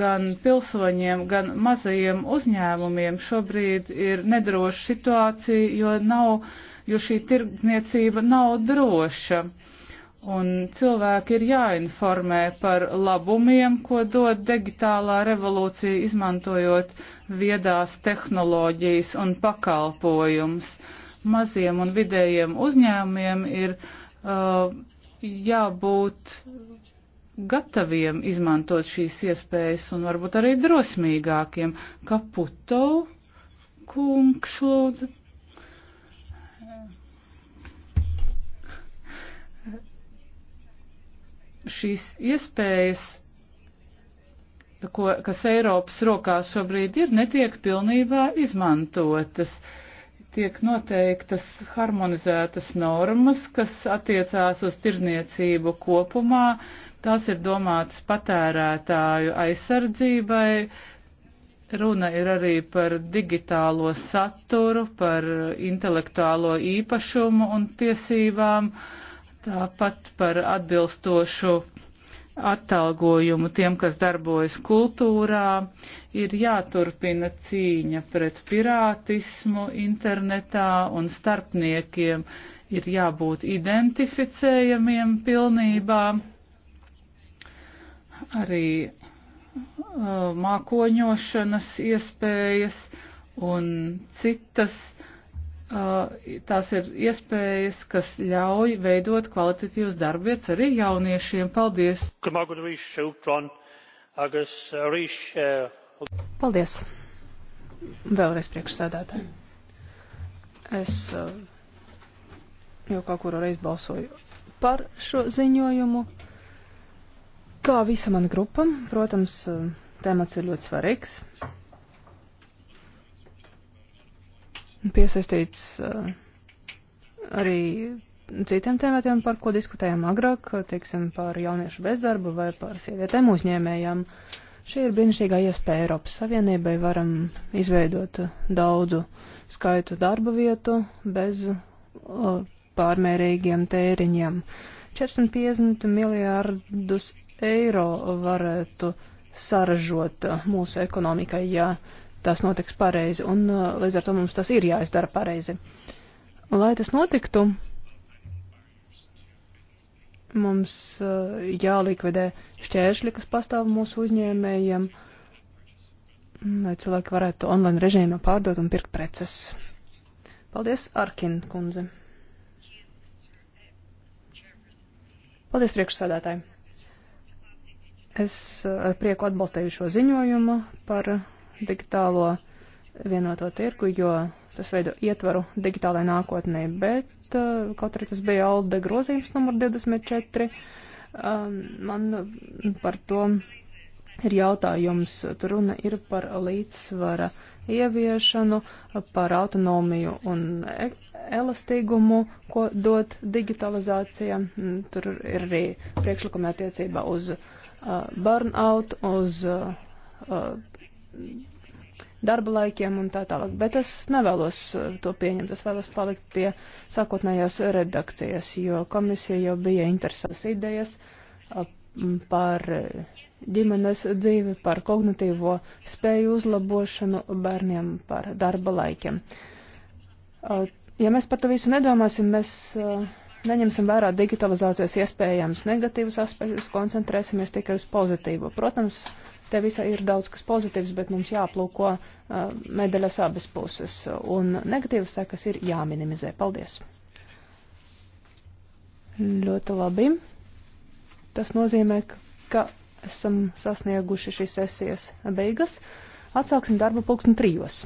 gan pilsoņiem, gan mazajiem uzņēmumiem šobrīd ir nedroša situācija, jo, nav, jo šī tirgniecība nav droša. Uh, Un cilvēki ir jāinformē par labumiem, ko dod digitālā revolūcija, izmantojot viedās tehnoloģijas un pakalpojumus. Maziem un vidējiem uzņēmumiem ir uh, jābūt gataviem izmantot šīs iespējas un varbūt arī drosmīgākiem. Kaputo kungs lūdzu. šīs iespējas, ko, kas Eiropas rokās šobrīd ir, netiek pilnībā izmantotas. Tiek noteiktas harmonizētas normas, kas attiecās uz tirzniecību kopumā. Tās ir domātas patērētāju aizsardzībai. Runa ir arī par digitālo saturu, par intelektuālo īpašumu un tiesībām. Uh, Tāpat par atbilstošu atalgojumu tiem, kas darbojas kultūrā, ir jāturpina cīņa pret pirātismu internetā un starpniekiem ir jābūt identificējamiem pilnībā. Arī uh, mākoņošanas iespējas un citas uh, Uh, tās ir iespējas, kas ļauj veidot kvalitatīvas darbvietas arī jauniešiem. Paldies! Paldies! Vēlreiz priekšsēdētāji. Es uh, jau kaut kuru reizi balsoju par šo ziņojumu. Kā visa man grupa, protams, uh, temats ir ļoti svarīgs. piesaistīts eh, arī citiem tēmatiem, par ko diskutējām agrāk, teiksim, par jauniešu bezdarbu vai par sievietēm uzņēmējām. Šī ir brīnišķīgā iespēja Eiropas Savienībai. Varam izveidot eh, daudzu skaitu darba vietu bez eh, pārmērīgiem tēriņiem. 450 miljārdus eiro varētu saražot mūsu ekonomikai, ja tas notiks pareizi, un uh, līdz ar to mums tas ir jāizdara pareizi. Lai tas notiktu, mums uh, jālikvidē šķēršļi, kas pastāv mūsu uzņēmējiem, lai cilvēki varētu online režīmā pārdot un pirkt preces. Paldies, Arkin kundze. Paldies, priekšsādātāji. Es uh, ar prieku atbalstīju šo ziņojumu par digitālo vienoto tirku, jo tas veido ietvaru digitālai nākotnē, bet eh, kaut arī tas bija Alde grozījums numur 24, um, man par to ir jautājums. Tur runa ir par līdzsvara ieviešanu, par autonomiju un e-, elastīgumu, ko dot digitalizācija. Tur ir arī priekšlikumi attiecībā uz uh, burnout, uz uh, uh, darba laikiem un tā tālāk. Bet es nevēlos uh, to pieņemt, es vēlos palikt pie sākotnējās redakcijas, jo komisija jau bija interesants idejas uh, par uh, ģimenes dzīvi, par kognitīvo spēju uzlabošanu bērniem, par darba laikiem. Ja mēs par to visu nedomāsim, mēs neņemsim vērā digitalizācijas iespējams negatīvus aspektus, koncentrēsimies tikai uz pozitīvo. Protams, uh, Te visā ir daudz kas pozitīvs, bet mums jāplūko uh, medaļas abas puses, un negatīvas sekas ir jāminimizē. Paldies! Ļoti labi. Tas nozīmē, ka esam sasnieguši šīs sesijas beigas. Atsāksim darbu pulksten trijos.